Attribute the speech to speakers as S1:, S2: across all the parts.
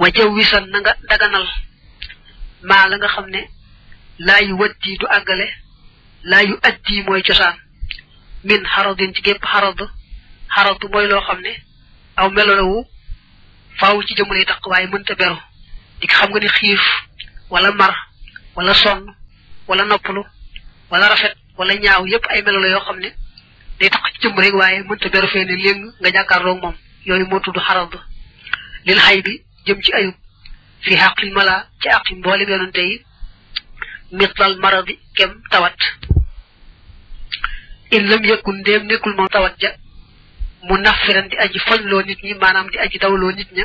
S1: wa jëw wisan na nga daganal maa la nga xam ne laa yu watti du àggale laa yu atti mooy cosaan min xaradin ci gépp xarad xaradu mooy loo xam ne aw melolawu faaw ci jëmalay tax waaye mënta beru di xam nga ne xiif wala mar wala sonn wala noppalu wala rafet wala ñaaw yépp ay melo yoo xam ne day tax ci jëmm rek waaye mënta beru fee ne léegi nga jàkkaarloog moom yooyu moo tudd xarad lil xay bi ci ayub fi xaqil mala ci àqi mboolem yonante yi mitlal maradi kem tawat in lam yëkkun ndéem nekkul moom tawat ja mu naffiran di aji fajloo nit ñi maanaam di aji dawloo nit ña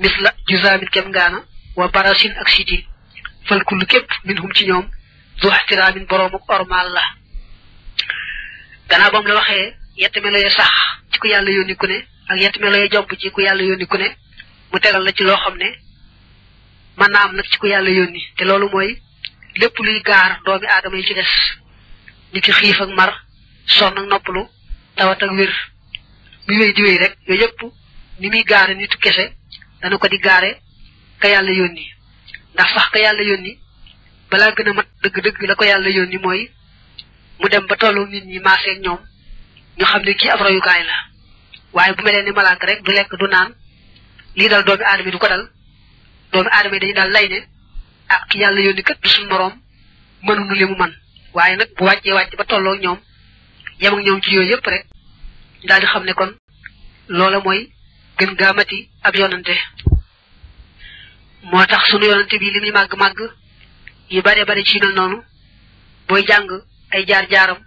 S1: misla jusaamin kem ngaana wa barasin ak siti fal kullu képp min hum ci ñoom du ihtiraamin boroom ak ormaal la gannaaw ba la waxee yett melo ya sax ci ku yàlla yónni ku ne ak yett melo ya jomb ci ku yàlla yónni ku ne mu tegal la ci loo xam ne mën naa am nag ci ku yàlla yónni te loolu mooy lépp luy gaar doomi aadama yi ci des ñu ki xiif ak mar sonn ak noppalu tawat ak wér mu wéy di wéy rek yooyu yëpp ni muy gaare nitu kese dana ko di gaare ka yàlla yónni ndax sax ka yàlla yónni balaa gën a mat dëgg-dëgg la ko yàlla yónni mooy mu dem ba tollu nit ñi maaseeg ñoom ñu xam ne kii ab royukaay la waaye bu melee ni malaaka rek du lekk du naan li dal doomi adami du ko dal doomi adami dañu dal lay ne ak ah, ki yàlla yoni kat du sun borom mënuñu nu limu man waaye nag bu wàccee wàcc ba tolloo ñoom yam ak ñoom ci yooyu yépp rek daal di xam ne kon loola mooy gën gaa mati ab yonante moo tax sunu yonante bi li muy màgg màgg bare bare ci noonu booy jàng ay jaar jaaram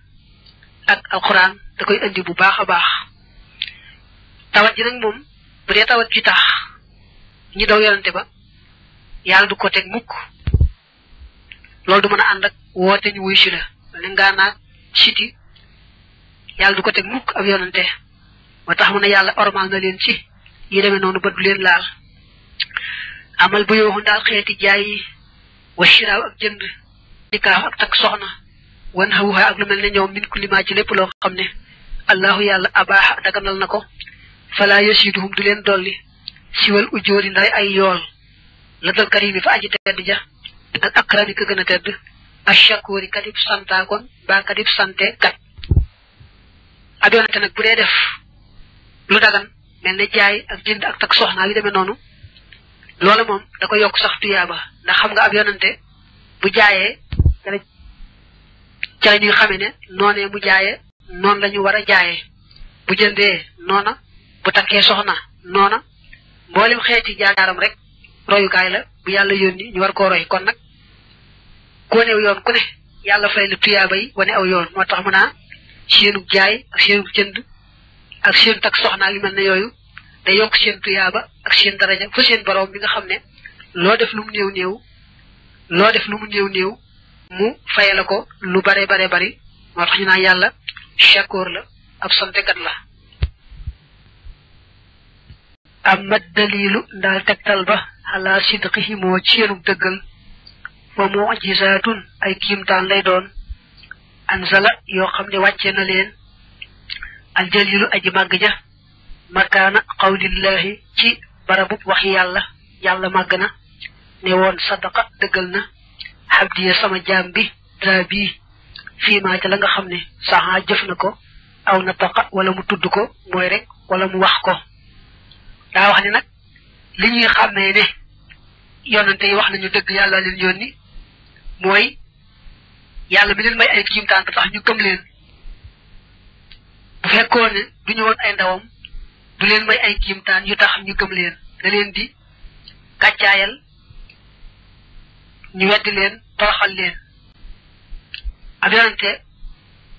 S1: ak alquran da koy andi bu baax a baax tawat ji nag moom bu dee tawat ci ñi daw yonante ba yàlla du ko teg mukk loolu du mën a ànd ak woote ñu wuy si la ne ngaa naag siti yàlla du ko teg mukk ak yonante moo tax mu ne yàlla ormal na leen ci yi demee noonu ba du leen laal amal bu yowoon daal xeeti jaay yi wa shiraaw ak jënd nikaaw ak takk soxna wan xawuxaa ak lu mel ne ñoom min ku limaa ci lépp loo xam ne allahu yàlla abaaxa daganal na ko falaa yasiiduhum du leen dolli siwal ujóori ndare ay yool la dal karimi fa aji tedd ja al akrami ka gën tedd ashakuri sante kat ab nag bu dee def lu dagan mel ne jaay ak jënd ak tak soxna yu demee noonu loola da ko yokk sax tuyaaba ndax xam nga ab bu jaayee ca la ñuy xamee ne noonee mu jaayee noonu la ñu war a jaayee bu jëndee noona bu takkee soxna noona mboolem xeeti jaagaaram rek royukaay la bu yàlla yónni ñu war ko roy kon nag koo new yoon ku ne yàlla fay la tuyaaba yi wane aw yoon moo tax mu naa seenub jaay ak seenub jënd ak seen tak soxnaa yu mel ne yooyu day yokk seen tuyaaba ak seen daraja fa seen borom bi nga xam ne loo def lu mu néew néew def lu mu néew la ko lu bare bare bari moo tax ñu naa yàlla chakoor la ab santekat la amma dalilu ndaal tegtal ba ala sidqihi moo ci yeenug dëggal wa mujisaatun ay kiimtaan lay doon anzala yoo xam ne wàcce na leen aljalilu aji màgg ja makaana qawlillahi ci barabub wax yàlla yàlla màgg na ne woon sadaqa dëggal na xabdiya sama jaam bi dra bii fii maa ca la nga xam ne saxaa jëf na ko aw nataqa wala mu tudd ko mooy rek wala mu wax ko daa wax ni nag li ñuy xàmmee ne yonante yi wax nañu dëgg yàlla leen yónni mooy yàlla bi leen may ay kiimtaan ba tax ñu gëm leen bu fekkoon du ñu woon ay ndawam du leen may ay kiimtaan yu tax ñu gëm leen da leen di gàccaayal ñu weddi leen toroxal leen ab yonante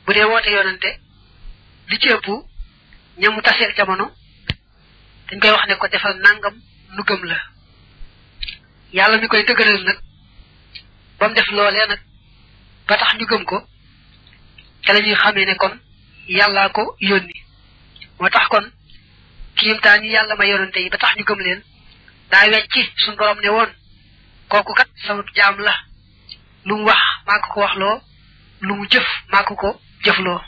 S1: bu dee woote yonante li ci ëpp ñamu taseer jamono dañ koy wax ne ko defal nangam lu gëm la yàlla mi koy dëgëral nag ba def loolee nag ba tax ñu gëm ko te la ñuy xamee ne kon yàllaa ko yónni moo tax kon kiimtaan yi yàlla ma yonante yi ba tax ñu gëm leen daa wecci suñu borom ne woon kooku kat sama jaam la lu wax maa ko waxloo lu jëf maa ko ko jëfloo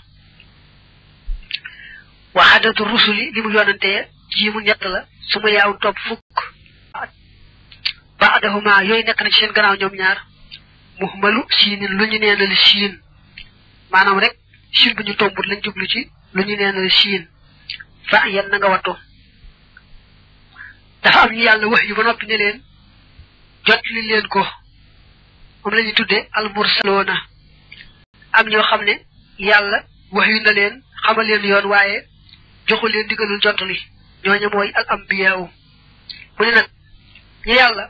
S1: waxadatu rusuli li mu yonante yi mu ñett la su ma yaaw topp fukk ba adahuma yooyu nekk na ci seen gannaaw ñoom ñaar muhmalu siinin lu ñu neenal siin maanaam rek siin bu ñu tombut lañ jublu ci lu ñu neenal siin fa yan na nga wattu dafa am ñu yàlla wax yu ba noppi ne leen jot li ko moom la ñuy tuddee almursaloona am ñoo xam ne yàlla wax yu na leen xamal leen yoon waaye joxu leen digalul jotali ñooñu mooy al ambiyaaw mu ne nag ñu yàlla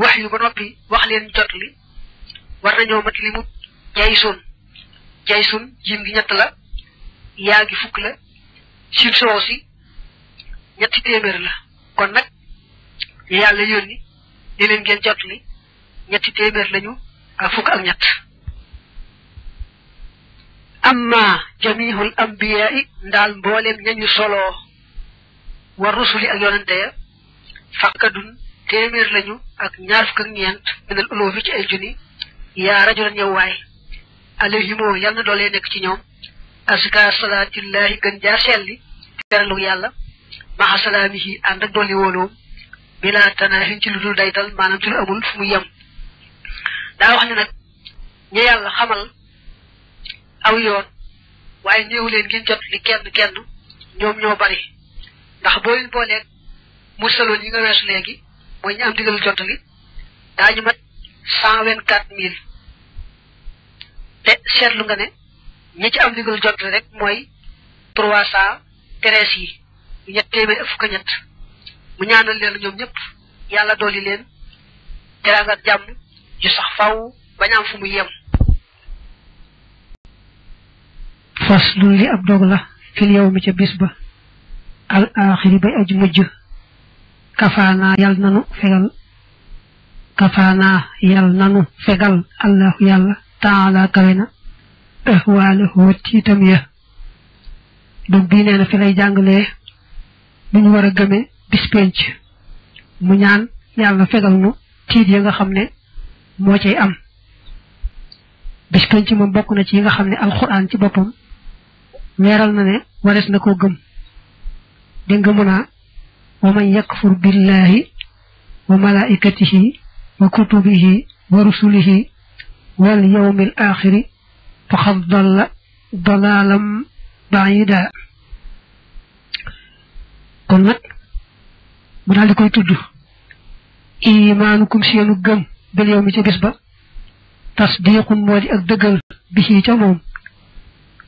S1: wax yu ba noppi wax leen jot li war nañoo mat li mu jay sun jay sun jiim gi ñett la yaa gi fukk la sin soow si ñetti téeméer la kon nag ñu yàlla yónni li leen ngeen jot li ñetti lañu ak fukk ak ñett amma jamihul ambiyaa i ndaal mbooleem ñañu soloo war rusuli ak yonante ya faqadun téeméer lañu ak ñaar fukk ak ñeent minal uloofi ci ay yaa rajulan yow waay alayhimoo yal nekk ci ñoom aska salaatillahi gën jaa selli teralu yàlla maxa salaamihi ànd ak dolli wóoloom bila tanaahin ci lu dul daytal maanaam ci lu amul fu mu yem daa wax ne nag ñu yàlla xamal aw waaye néew leen ngeen jot li kenn kenn ñoom ñoo bari ndax boo leen booleeg musaloon yi nga weesu léegi mooy ñi am digal jot li daañu mat cent vingt quatre te seetlu nga ne ñi ci am digal jot rek mooy trois cent treize yi ñett téeméer fukk ñett mu ñaanal leen ñoom ñëpp yàlla dooli leen teraanga jàmm ju sax faw bañ am fu mu yem fas lu li ab dog la fil yow ca bis al axiri bay aju mujj kafaana yal nanu fegal kafaana yal nanu fegal allahu yàlla taala kawe na ahwaalahu wattiitam ya donc bii nee fi lay jàngalee nu ñu war a gëmee bis mu ñaan yàlla fegal nu tiit ya nga xam ne moo cay am bis penc moom bokk na ci yi nga xam ne alxuraan ci boppam leeral na ne warees na koo gëm دنگ ومن يكفر بالله وملائكته وكتبه ورسله واليوم الآخر فقد ضل ضلالا بعيدا كن نك مو دال ديكوي تود ايمانكم سيلو گم بل تي بسبا تصديق مودي اك دغل بيشي تا موم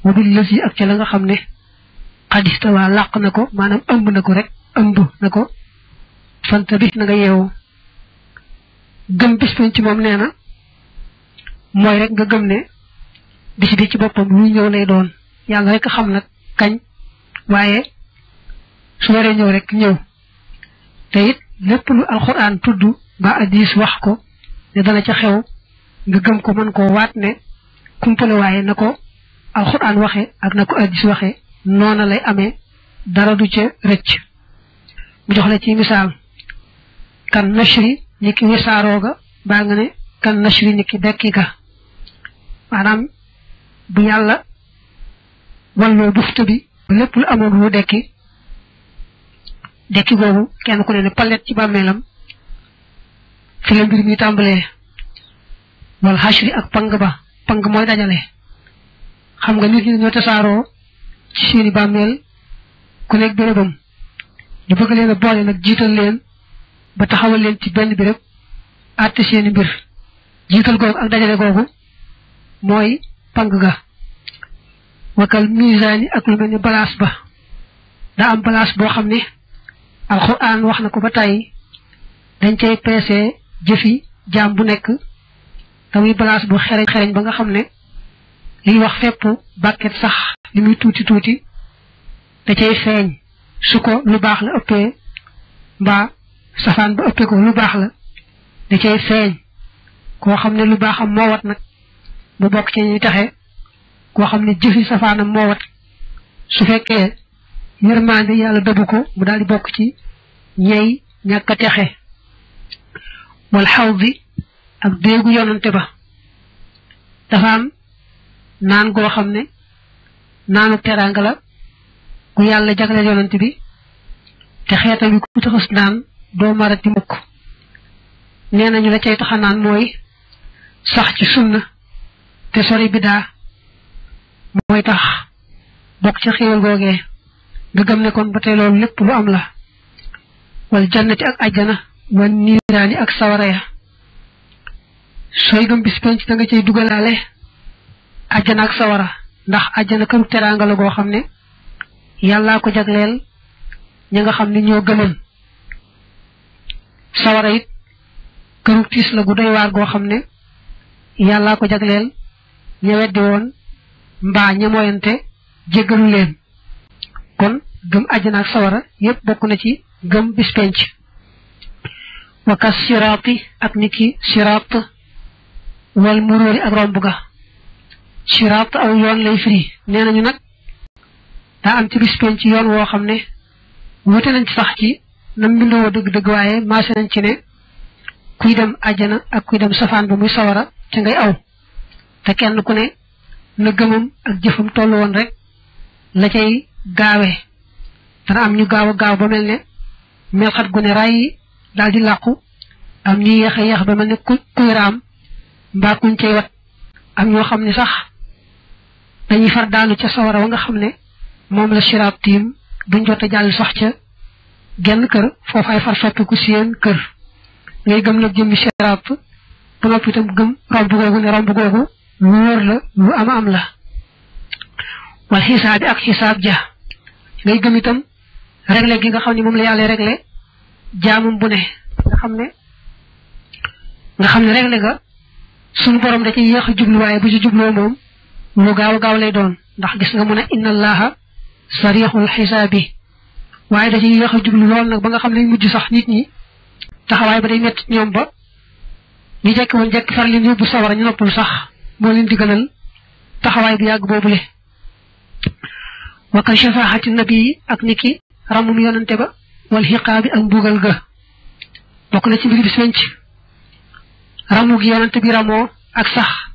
S1: وبالذي اك لاغا خامني xadistawaa làq na ko maanaam ëmb na ko rek ëmb na ko fanta bi na nga yeewu gëm bis ci moom nee na mooy rek nga gëm ne bis bi ci boppam lu ñëw lay doon yàlla rek xam na kañ waaye su waree ñëw rek ñëw te it lépp lu alxuraan tudd ba addis wax ko ne dana ca xew nga gëm ko mën ko waat ne kumpale waaye na ko alxuraan waxe ak na ko addis waxe noona lay amee dara du ca rëcc mu jox ci misaal kan nashri ni ki wisaaroo ga baa nga ne kan nashri ni ki dekki ga maanaam bu yàlla walloo bufta bi lépp lu amoon lu dekki dekki googu kenn ku ne ne palet ci bàmmeelam fi la mbir mi tàmbalee wal xashri ak pang ba pang mooy dajale xam nga nit ñi dañoo tasaaroo ci seeni bàmmeel ku nekk bérébam ñu bëgg leen a boole nag jiital leen ba taxawal leen ci benn béréb àtte seeni mbir jiital googu ak dajale googu mooy pang ga wakal misaani ak lu mel ni balaas ba daa am balaas boo xam ne alxuraan wax na ko ba tàyyi dañ cay peese jëfi jaam bu nekk tamuy balaas bu xereñ xereñ ba nga xam ne liy wax fépp bàkket sax li tuuti tuuti da cay feeñ su ko lu baax la ëppee mbaa safaan ba ëppee ko lu baax la da cay feeñ koo xam ne lu baax am moo wat nag bu bokk ci ñuy taxe koo xam ne jëfi safaanam moo wat su fekkee yërmaande yàlla dabu ko mu daal di bokk ci ñey ñàkk a texe wal xaw bi ak déegu yonante ba dafa naan goo xam ne naanu teraanga la yàlla jagleel yonent bi te xeetam bi ku taxas naan doo marati mukk nee nañu la cay taxa naan mooy sax ci sunna te sori bidaa mooy tax bokk ci xéewal googee nga gëm ne ba tey loolu lépp lu am la wal jannati ak ajjana wal niiraani ak sawara ya sooy gëm bis penc da nga cay dugalaale àjjana ak sawara ndax àjjana kam teraanga la goo xam ne yàllaa ko jagleel ñi nga xam ne ñoo gëmoon sawara it këru tiis la gu doy waar goo xam ne yàllaa ko jagleel ña weddi woon mbaa ña moyante jéggalu leen kon gëm àjjana ak sawara yépp bokk na ci gëm bis penc siraati ak niki siraat wal muróori ak romb ga siraat aw yoon lay firi nee nañu nag daa am ci bis penc yoon woo xam ne wute nañ sax ci nam mbindoo dëgg-dëgg waaye maase nañ ci ne kuy dem àjjana ak kuy dem safaan ba muy sawara ca ngay aw te kenn ku ne na gëmam ak jëfam tollu woon rek la cay gaawee dana am ñu gaaw a gaaw ba mel ne melxat gu ne raay daal di làqu am ñu yeex a yeex ba mel ne ku kuy raam mbaa kuñ am ñoo xam ne sax dañuy far daanu ca sawara wa nga xam ne moom la siraab tiim duñ jot a jàll sax ca genn kër foofaay far soppiku seen kër ngay gëm nag jëmmi siraab ba noppi itam gëm romb googu ne romb googu lu wóor la lu am am la wal xisaabi ak xisaab ja ngay gëm réglé gi nga xam ne moom la yàlla réglé jaamum bu ne nga xam ne nga xam ne réglé ga suñu borom da ci yéex a jublu waaye bu ci jubloo moom lu gaaw gaaw lay doon ndax gis nga mu ne inna allaha sarixul xisaabi waaye da ciy yéex a jublu lool nag ba nga xam ne mujj sax nit ñi taxawaay ba day metti ñoom ba ñu jekk woon jekk far leen yóbbu sawara ñu noppul sax moo leen di gënal taxawaay bu yàgg boobule wa ka shafaxati nabi ak niki ramum yonante ba wal xiqaabi ak mbugal ga bokk na ci mbir bis penc ramu gi yonante bi ramoo ak sax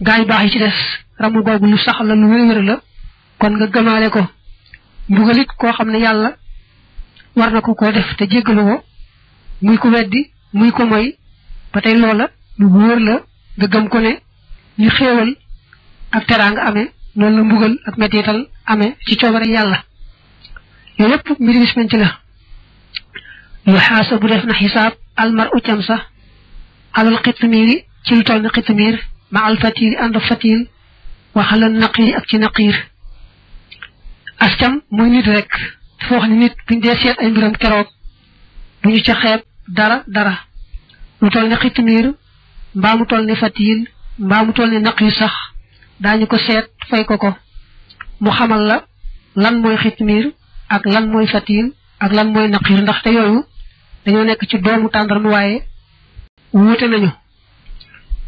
S1: gaa yu baax yi ci des ramu googu lu sax la lu wér kon nga gëmaale ko mbugalit koo xam ne yàlla war na ko koo def te jéggalu ko muy ko weddi muy ko moy ba tey loola lu wóor la nga gëm ko ne ñu xéewal ak teraanga amee noonu la mbugal ak mettital amee ci coobare yàlla yooyu yëpp mbiri bis penc la yu xaasa bu def na xisaab almar u cam sax alal xitmiiri ci lu toll ni xitmiir ma al fatiiri ànd ak fatiir waxala naqiir ak ci naqiir ascam muy nit rek dafa wax ni nit buñ dee seet ay mbiram keroog bu ñu ca xeeb dara dara lu toll ni xitimiir mbaa mu toll ni mbaamu mbaa mu toll ni naqiir sax daañu ko seet fay ko ko mu xamal la lan mooy xitimiir ak lan mooy fatiir ak lan mooy naqiir te yooyu dañoo nekk ci doomu tàndarmu waaye wuute nañu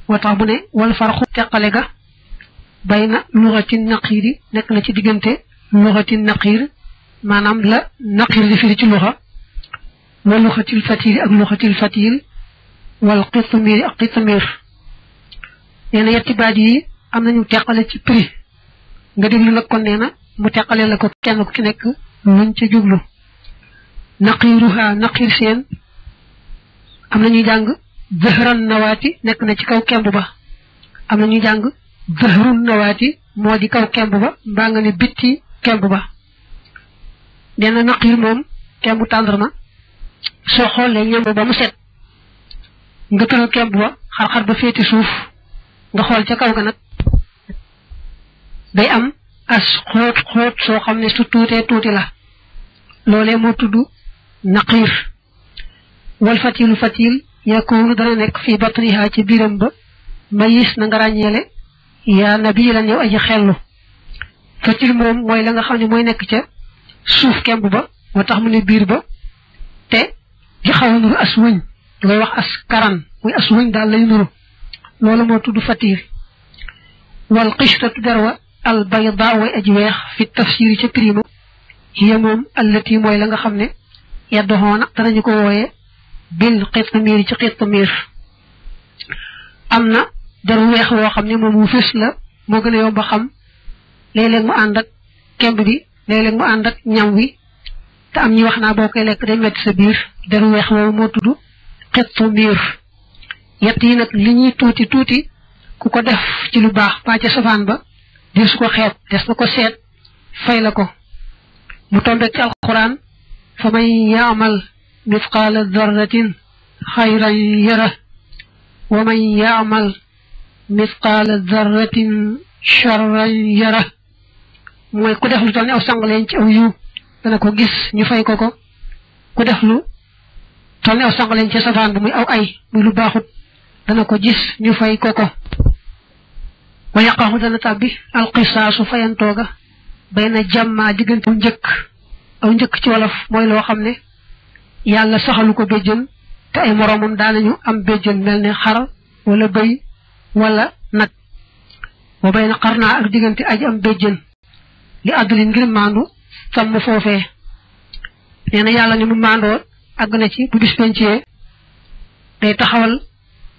S1: wata mu ne wal farxu teqale ga bay na luxati naqiir yi nekk na ci diggante luxati naqiir maanaam la naqiir di firi ci luxa wa luxatil fatir ak luxatil fatir wal qitmir ak qitmir nee yetti baat yi am nañu teqale ci prix nga déglu nag kon nee mu teqale la ko kenn ku ci nekk luñ ca jublu naqiiruha naqiir seen am nañuy jàng zëhran nawaati nekk na ci kaw kemb ba am na ñu jàng zëhrun nawaati moo di kaw kemb ba mbaa nga ne bitti kemb ba nee na naqir moom kembu tàndarma soo xoolee ñamb ba mu set nga tëral kemb ba xar-xar ba féeti suuf nga xool ca kaw ga nag day am as xóot soo xam ne su tuutee tuuti la loolee moo tudd naqir wal fatilu fatil yakunu dana nekk fii batniha ci biiram ba mayis na nga ràññeele yaa nabilan yow aji xellu fëccil moom mooy la nga xam ne mooy nekk ca suuf kemb ba moo tax mu ne biir ba te di xaw a nuru as wëñ da wax as karan muy as wëñ daal lay nuru loolu moo tudd fatir wal xishratu derwa al bayda way aji weex fi tafsiri ca prima hiya moom allati mooy la nga xam ne yaddoxoona danañu ko wooyee bil miir yi ci xitmiir am na der weex woo xam ne moom wu fis la moo gën a yomb xam léeg-léeg mu ànd ak kemb bi léeg-léeg mu ànd ak ñam wi te am ñi wax naa boo koy lekk day metti sa biir der weex woowu moo tudd xitmiir yett yi nag li ñuy tuuti tuuti ku ko def ci lu baax ba ca safaan ba di su ko xeeb des na ko seet fay la ko mu tombeek ci alxuraan fa yaamal مثقال ذرة خيرا يره ومن يعمل مثقال ذرة شرا يره موي كودخلو تاني او سانغلين تي اويو دا نكو غيس ني فاي كوكو كودخلو تاني او سانغلين تي سافان موي او اي موي لو باخوت دا نكو غيس ني فاي كوكو ويقعد لتابي القصاص فينتوغا بين جما ديغنتو نجك او نجك تي ولاف موي لو خامني yàlla saxalu ko béjjën te ay moroomam ñu am béjjën mel ne xar wala bëy wala nag wa ba na xar naa ak diggante aji am béjjën li àdduli ngir maandu sàmm foofee nee na yàlla ni mu maandoo àgg na ci bu bis pencee day taxawal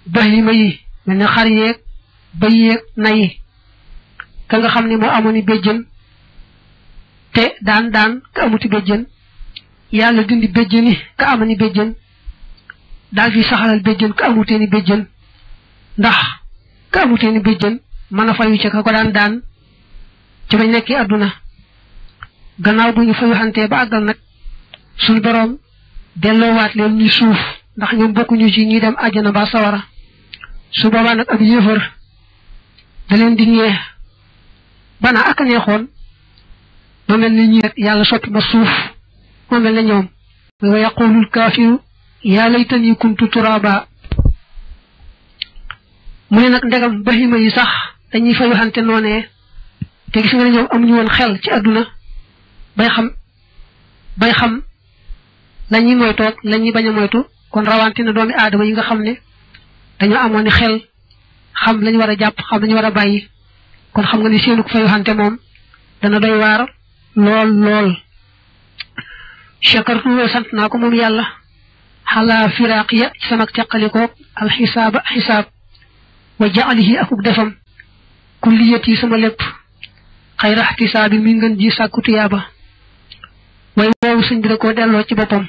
S1: bahima yi mel ne xar yeeg bëy yeeg na yi ka nga xam ne moo amu i béjjën te daan daan ka amuti béjjën yàlla dindi béjjëni ka amani béjjën daal fi saxalal béjjën ka amuteeni béjjën ndax ka amuteeni béjjën mën a fayu ca ka ko daan daan ci bañ nekki àdduna gannaaw bu ñu fayu xantee ba àggal nag suñ boroom delloowaat leen ñu suuf ndax ñoom bokkuñu ci ñi dem àjjana ba sawara su boobaa nag ab yéefar da di ñeex banaa ak neexoon ba mel ni ñi rek yàlla soppi ma suuf moo mel ne ñoom wa yaqulul kaafiru yaa laytani kuntu turaba mu ne nag ndegam bahima yi sax dañuy fay waxante noonee te gis nga ne ñoom amuñu woon xel ci àdduna bay xam bay xam la ñuy moytoog la bañ a moytu kon rawante na doomi aadama yi nga xam ne dañoo amoon xel xam lañu war a jàpp xam lañu war a bàyyi kon xam nga ni seenu ko fay moom dana doy waar lool lool shakartu sant naa ko moom yàlla xalaa firaaqiya ci sama teqalikoog alxisaaba xisaab wa jaalihi akuk defam kulliyati sama lépp xayra xtisaabi mi ngën ji sàkku tuyaaba way woowu sëñ bi da koo delloo ci boppam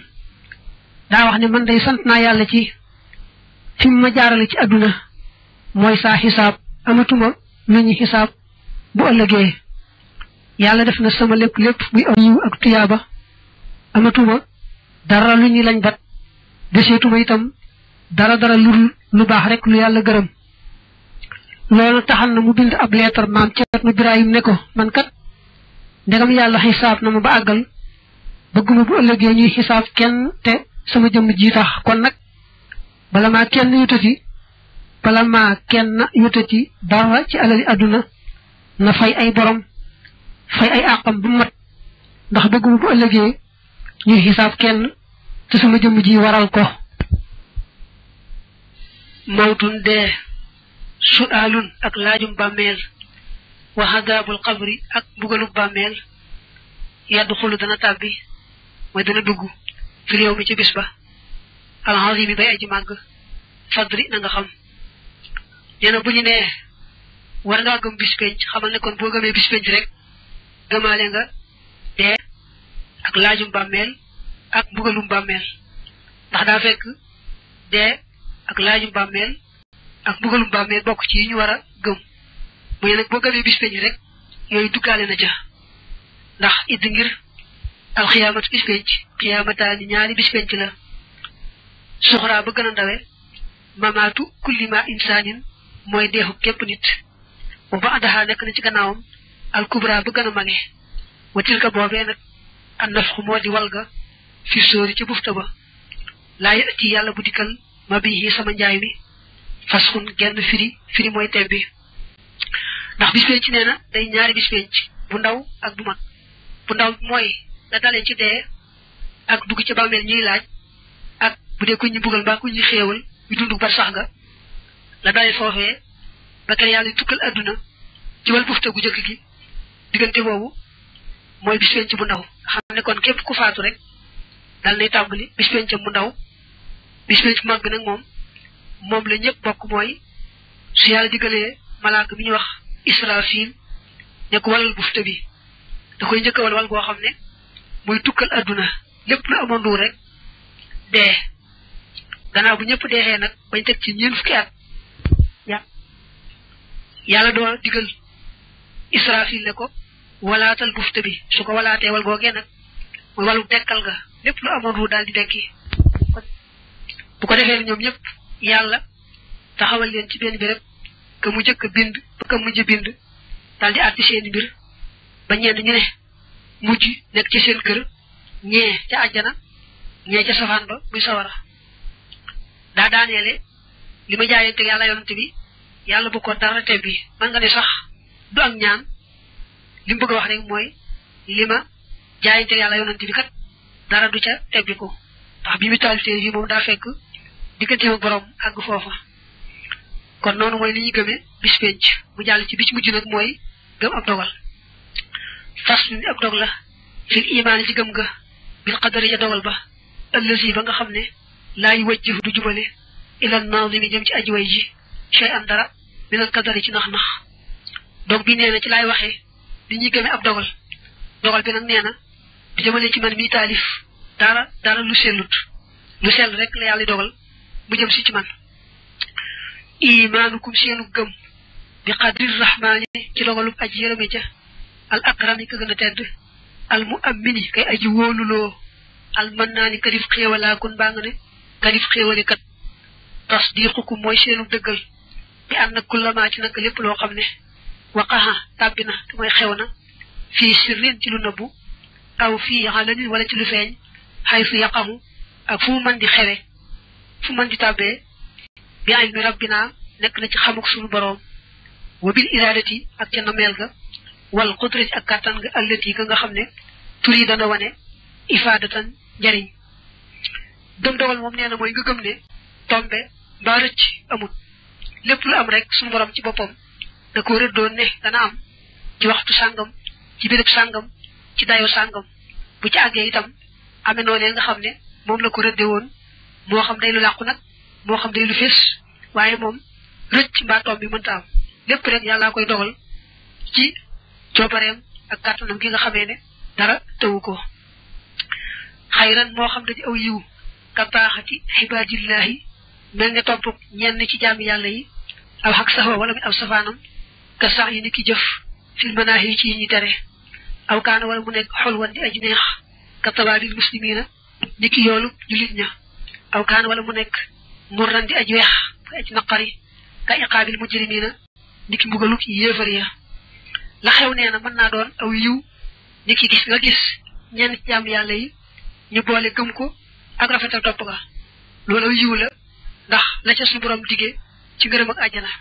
S1: daa wax ne man day sant naa yàlla ci fi mu ma jaarale ci àdduna mooy saa xisaab amatuma meññi xisaab bu ëllëgee yàlla def na sama lépp lépp muy aw yiw ak tuyaaba amatuma dara lu ñuy lañ bat deseetuma itam dara dara lu lu baax rek lu yàlla gërëm loolu taxal na mu bind ab leetar maam Ceerno Birahim ne ko man kat ndegam yàlla xisaab na ma ba àggal bëgguma bu ëllëgee ñuy xisaab kenn te sama jëmm ji tax kon nag bala maa kenn yotati bala maa kenn yotati dara ci alali àdduna na fay ay boroom fay ay àqam bu mat ndax bëgguma bu ëllëgee ñuy xisaab kenn te sama jëmm ji waral ko mawtun dee suaalun ak laajum bàmmeel wa xadaabul xabri ak bugalub bàmmeel yàddu xulu dana tàbbi mooy dana dugg fi ci bis ba alxasi mi bay aji fadri na xam nee na bu ñu nee war ngaa gëm bis penc xamal ne kon boo gëmee bis penc rek gëmaale nga dee ak laajum bàmmeel ak bugalum bàmmeel ndax daa fekk dee ak laajum bàmmeel ak bugalum bàmmeel bokk ci yi ñu war a gëm mu ne nag boo gëmee bis peñ rek yooyu duggaale na ja ndax idd ngir alxiyaamatu bis penc ni ñaari bis ci la suxraa ba gën a ndawe mamaatu ma insaanin mooy deexu képp nit wa ba andaxaa nekk na ci gannaawam al kubra ba gën a wa tilka boobee nag annafxu moo di walga fi sóori ca bufta ba laa ci yàlla bu dikkal ma bihi sama njaay mi fasxun genn firi firi mooy tebbi ndax bis penc na day ñaari bis bu ndaw ak bu mag bu ndaw mooy la dalee ci dee ak dugg ci bàmmeel ñuy laaj ak bu dee ku ñu buggal mbaa ku ñu xéewal yu dund bar sax nga la dalee foofee ba kenn yàlla tukkal àdduna ci wal bufta gu jëkk gi diggante boobu mooy bis bu ndaw xam ne kon képp ku faatu rek dal nay tàmbali bis pencam bu ndaw bis penc bu mag bi moom moom la ñëpp bokk mooy su yàlla digalee malaaka bi ñu wax Israfil ne ko koy njëkk a xam ne muy tukkal adduna lépp lu amoon du rek bu ñëpp deexee nag bañ teg ci ñeent fukki at yàlla doo digal Israfil ne ko walaatal buft bi su ko walaatee wal googee nag mooy walu dekkal nga lepp lu amon ru dal di dekki bu ko defee ñom ñep yalla taxawal leen ci ben bërepp ke mu jëk bind ke mu jë bind dal di àtti seen bir ba ñeñ ñu ne mujj nek ci seen kër ñe ci aljana ñe ci safan ba muy sawara da daaneele li jaayante yalla yonent bi yalla bu ko dara te bi man nga ne sax du ak ñaan li mu bëgg a wax rek mooy li ma jaayante yàlla yonante bi kat dara du ca tebbiku ndax bi mu taalifee yi moom daa fekk digganteem ak borom àgg foofa kon noonu mooy li ñuy bis penc mu ci bi ci mujj nag mooy gëm ab dogal fas ni ab dog la fil imaani ci gëm ga bil qadari ja dogal ba ëllësi ba nga xam ne laay wajjif du jubale ilal naazimi jëm ci aji way ji shay an dara minal qadari ci nax nax dog bi nee na ci laay waxee li ñuy gëmee ab dogal dogal bi nag nee na du ci man mii taalif dara lu sellut lu sell rek la yàlla dogal mu jëm si ci man imaanukum seenu gëm bi qadri rahmaani ci dogalum aji yërëme ja al akrami ka gën a tedd al mu amini kay aji wóoluloo al mën naa ni kadif xéewalaakun baa nga ne kadif xéewali kat tasdiqukum mooy seenu dëggal bi ànd ak kullamaa ci nag lépp loo xam ne waqaha tàbbi na te mooy xew na fii sirrin ci lu nëbbu aw fii alanin wala ci lu feeñ xay su yaqahu ak fu mu mën di xewe fu mën di tàbbee bi ay mi rabbina nekk na ci xamuk suñu boroom wa bil iradati ak ca nameel ga wal qudrati ak kàttan ga allati ga nga xam ne tur yi dana wane ifaadatan njariñ gëm dogal moom nee na mooy nga gëm ne tombe mbaa rëcc amul lépp lu am rek suñu borom ci boppam da ko rëddoon ne dana am ci waxtu sàngam ci béréb sàngam ci dayo sàngam bu ci àggee itam amee noonee nga xam ne moom la ko rëdde woon moo xam day lu làqu nag moo xam day lu fees waaye moom rëcc mbaa bi mënta am lépp rek yàllaa koy dogal ci coobareem ak kàttanam gi nga xamee ne dara tawu ko xayran moo xam dañu aw yiw ka baaxati xibaadillahi mel ne topp ñenn ci jaami yàlla yi aw xaq safa wala mi aw safaanam ka sax yi niki jëf fil manahi ci ñi tere aw kaan wala mu nekk xol di ajneex ka tabaadil muslimina niki yoolu julit ña aw kaan wala mu nekk murran di ajweex ka ci naqari ka iqabil mujrimina niki ci yéefar ya la xew neena man na doon aw yiw niki gis nga gis ñen ci am yalla yi ñu boole gëm ko ak rafetal ga yiw la ndax la ci suñu borom ci gëreem ak aljana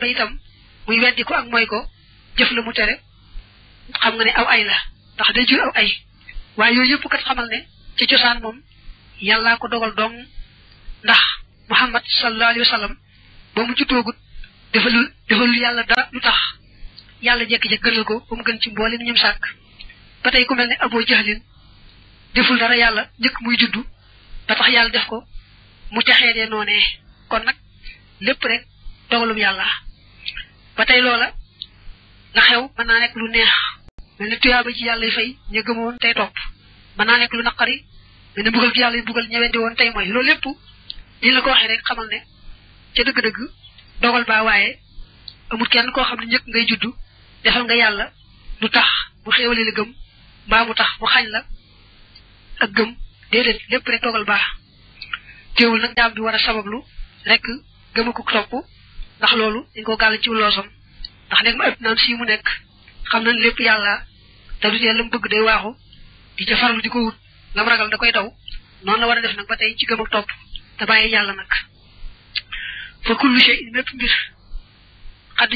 S1: ba itam muy weddi ko ak moy ko jëf lu mu téré xam nga ne aw ay la tax day jur aw ay waaye yooyu yëpp kat xamal ne ci cosaan moom yàllaa ko dogal dong ndax muhammad sallallahu alayhi wasallam sallam ba mu ci toogut defalul defalul yàlla dara lu tax yàlla jekki ja gënal ko ba mu gën ci mboolem ñim sàkk ba tey ku mel ne abo jahlin deful dara yàlla njëkk muy juddu ba tax yàlla def ko mu texee de noonee kon nag lépp rek dogalum yàlla ba tey loola la xew mën naa nekk lu neex mel ni tuyaaba ci yàlla yi fay ñu gëmoon tey topp mën naa nekk lu naqari mel ni mbugal gi yàlla yi mbugal ñëwenti woon tey mooy loolu lépp ni la ko waxee rek xamal ne ca dëgg-dëgg dogal baa waaye amul kenn koo xam ne ñëkk ngay juddu defal nga yàlla lu tax mu xéewale la gëm mbaa tax mu xañ la ak gëm déedéet lépp rek dogal baax teewul nag jaam bi wara a sabablu rek gëma ko topp ndax loolu dañ ko gàll ci loosam ndax nekk ma ëpp naan sii mu nekk xam nañ lépp yàlla te du tee la mu bëgg day waaxu di ca farlu di ko wut ragal da koy daw noonu la war a def nag ba tey ci gëm topp te bàyyi yàlla nag fa kullu shay mépp mbir xadd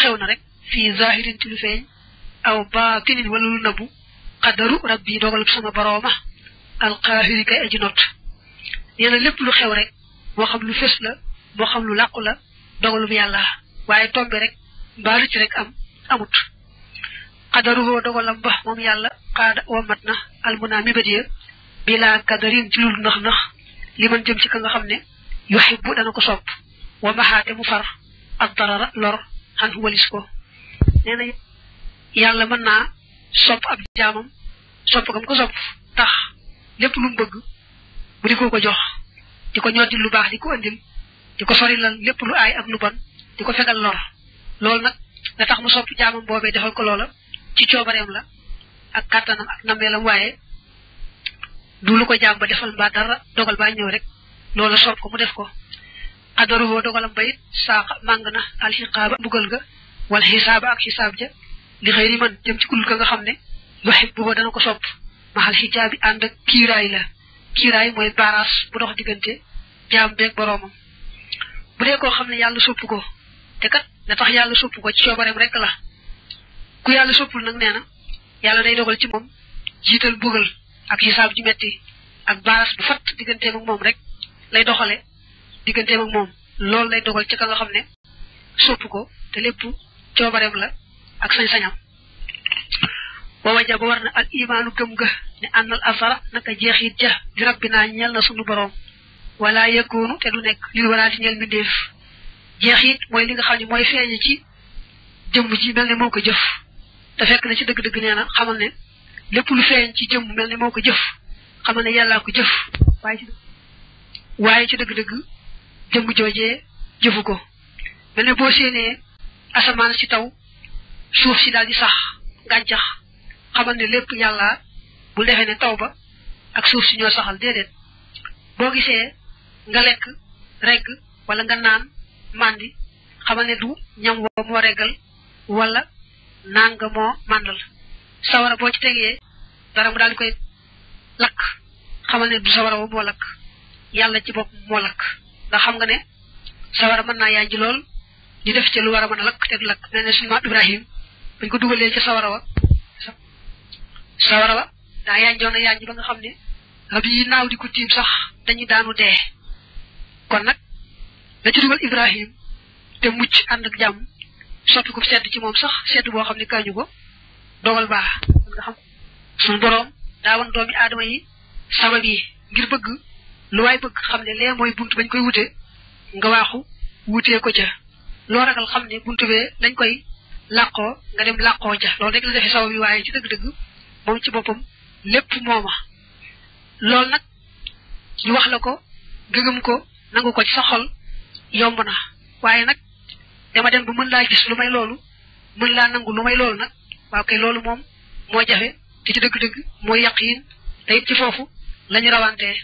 S1: xew na rek fii zahirin ci lu feeñ aw baatinin wala lu nëbbu qadaru rabbi dogalub sama borooma alqaahiri kay aji not nee lépp lu xew rek moo xam lu fes la bo xam lu làqu la mu yalla waye tobe rek balu ci rek am amut qadaruhu dogalam ba moom yalla qada wa matna al munami badiya bila qadarin ci nakh nakh nax li man jëm ci ka nga xamne ne yuhibbu dana ko sopp wa mahaate mu far ak darara lor han walis ko neena yalla man na sopp ab jamam sopp gam ko sopp tax lepp lu mu bëgg bu di ko ko jox di ñoti lu bax diko andil diko sori lan lepp lu ay ak lu bon diko fegal lor lol nak la tax mu sopp jaamam bobé defal ko loola ci ciobarem la ak katanam ak namelam waye du lu ko jaam ba defal ba dara dogal ba ñew rek loola sopp ko mu def ko adaruhu dogalam bayit sa mangna al hiqaba bugal ga wal hisaba ak hisab ja di xeyri man dem ci kul ka nga xamne yuhibbu ba dana ko sopp al hijabi and ak kiray la kiray moy baras bu dox digante jaam bek boromam bu dee koo xam ne yàlla sopp ko te kat na tax yàlla sopp ko ci coobareem rek la ku yàlla soppul nag nee na yàlla day dogal ci moom jiital bugal ak yisaab ju metti ak baras bu fat digganteem ak moom rek lay doxale digganteem ak moom loolu lay dogal ci ka nga xam ne sopp ko te lépp coobareem la ak sañ-sañam wa wajaba war na al imaanu gëm ga ne ànnal asara naka jeexit ja di rabbinaa ñel na sunu borom wala yëkkoonu te du nekk lil walaa ti ñeel mbindeef jeex it mooy li nga xam ne mooy feeñe ci jëm ji mel ne moo ko jëf te fekk na ci dëgg-dëgg nee na xamal ne lépp lu ci jëmm mel ne moo ko jëf xamal ne yàllaa ko jëf waaye ci waaye ci dëgg-dëgg jëmm joojee jëfu ko mel ne boo séenee asamaan si taw suuf si daal di sax gàncax xamal ne lépp yàllaa bu defee ne taw ba ak suuf si ñoo saxal déedéet boo gisee nga lekk regg wala nga naan màndi xamal ne du ñam woo moo reggal wala naan nga moo màndal sawara boo ci tegee dara mu daal di koy lakk xamal ne du sawara woo yàlla ci bopp moo lakk ndax xam nga ne sawara mën naa yaay ji lool ñu def ce lu war a mën a lakk te du lakk nee ne Ibrahim ci sawara wa sawara wa daa yaay joona yaay ji ba nga xam ne rab yi naaw di tiim sax dañu daanu dee kon nag la ci dugal Ibrahim te mucc ànd ak jàmm ko set ci moom sax sedd boo xam ne kañu ko dogal baax nga xam suñu boroom daa wan doomi yi sabab yi ngir bëgg lu waay bëgg xam ne lee mooy bunt bañ koy wute nga waaxu wutee ko ca loo ragal xam ne buntu bee dañ koy làqoo nga dem làqoo ja loo rek la defee sabab waaye ci dëgg-dëgg moom ci boppam lépp mooma loolu nag ñu wax la ko gëgëm ko nangu ko ci sa yomb na waaye nag dama dem bu mën laa gis lu may loolu mën laa nangu lu may loolu nag waaw kay loolu moom moo jafe te ci dëgg-dëgg moo yaqiin te it ci foofu lañu ñu rawantee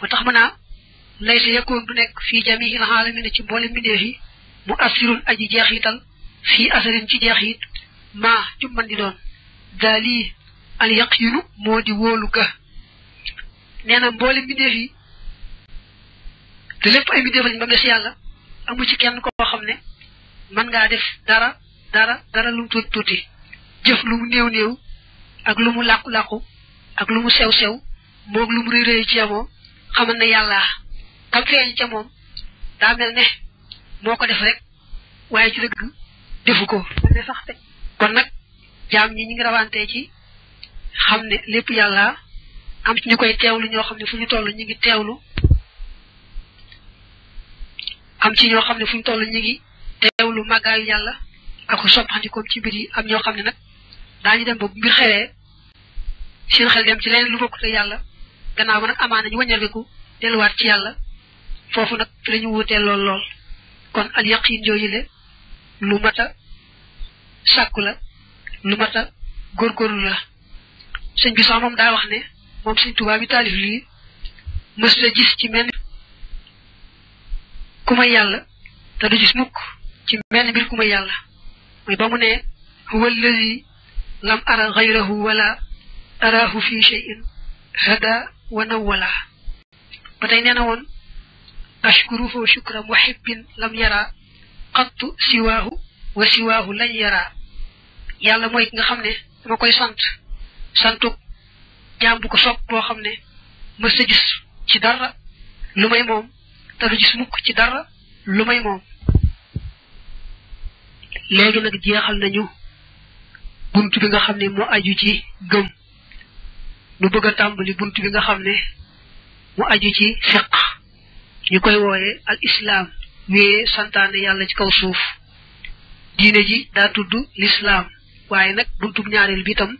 S1: moo tax mën naa lay si yekkoon du nekk fii jamihil aalamiina ci mboole mbindeef yi mu asirul aji jeexital fii asarin ci jeexit maa jum man di doon daal lii al yaqiinu moo di wóolu ga nee na mboole mbindeef yi te lépp ay mbindeef lañ ba des yàlla amu ci kenn koo xam ne mën ngaa def dara dara dara lu tuuti tuuti jëf lu mu néew néew ak lu mu làqu-làqu ak lu mu sew sew moog lu mu rëy rëy ci yemoo xamal ne yàlla kam feeñ ca moom daa mel ne moo ko def rek waaye ci dëgg defu ko kon nag jaam ñi ñi ngi rawantee ci xam ne lépp yàlla am ci ñu koy teewlu ñoo xam ne fu ñu toll ñu ngi teew lu am ci ñoo xam ne fu ñu toll ñu ngi teewlu màggaayu yàlla ak soppandikoom ci mbir yi am ñoo xam ne nag daañu dem ba mbir xewee seen xel dem ci leneen lu bokkut yàlla gannaaw ba nag amaana ñu wàññeeku delluwaat ci yàlla foofu nag fi la ñu lool lool kon al yaqin jooju le lu mat a sàkku la lu mat góor góoru la sëñ bi sax moom daa wax ne moom sëñ Tuubaa bi taalif lii mës gis ci mel ku may yàlla te du gis mukk ci benn mbir ku may yàlla mooy ba mu ne huwa allazi lam ara gayrahu wala araahu fi cheyin hada wa nawala ba tey nee na woon ashkuru fa shukra muhibbin lam yara qattu siwaahu wa siwaahu lan yara yàlla mooy nga xam ne dama koy sant santuk jaam bu sopp boo xam ne mës a ci dara lu may moom te ci gis ci dara lu may moom léegi nag jeexal nañu bunt bi nga xam ne mu aju ci gëm bëgg a tàmbali bunt bi nga xam ne mu aju ci fiq ñu koy wooye al islaam wéyee santaane yàlla ci kaw suuf diine ji daa tudd lislaam waaye nag buntub ñaareel bi itam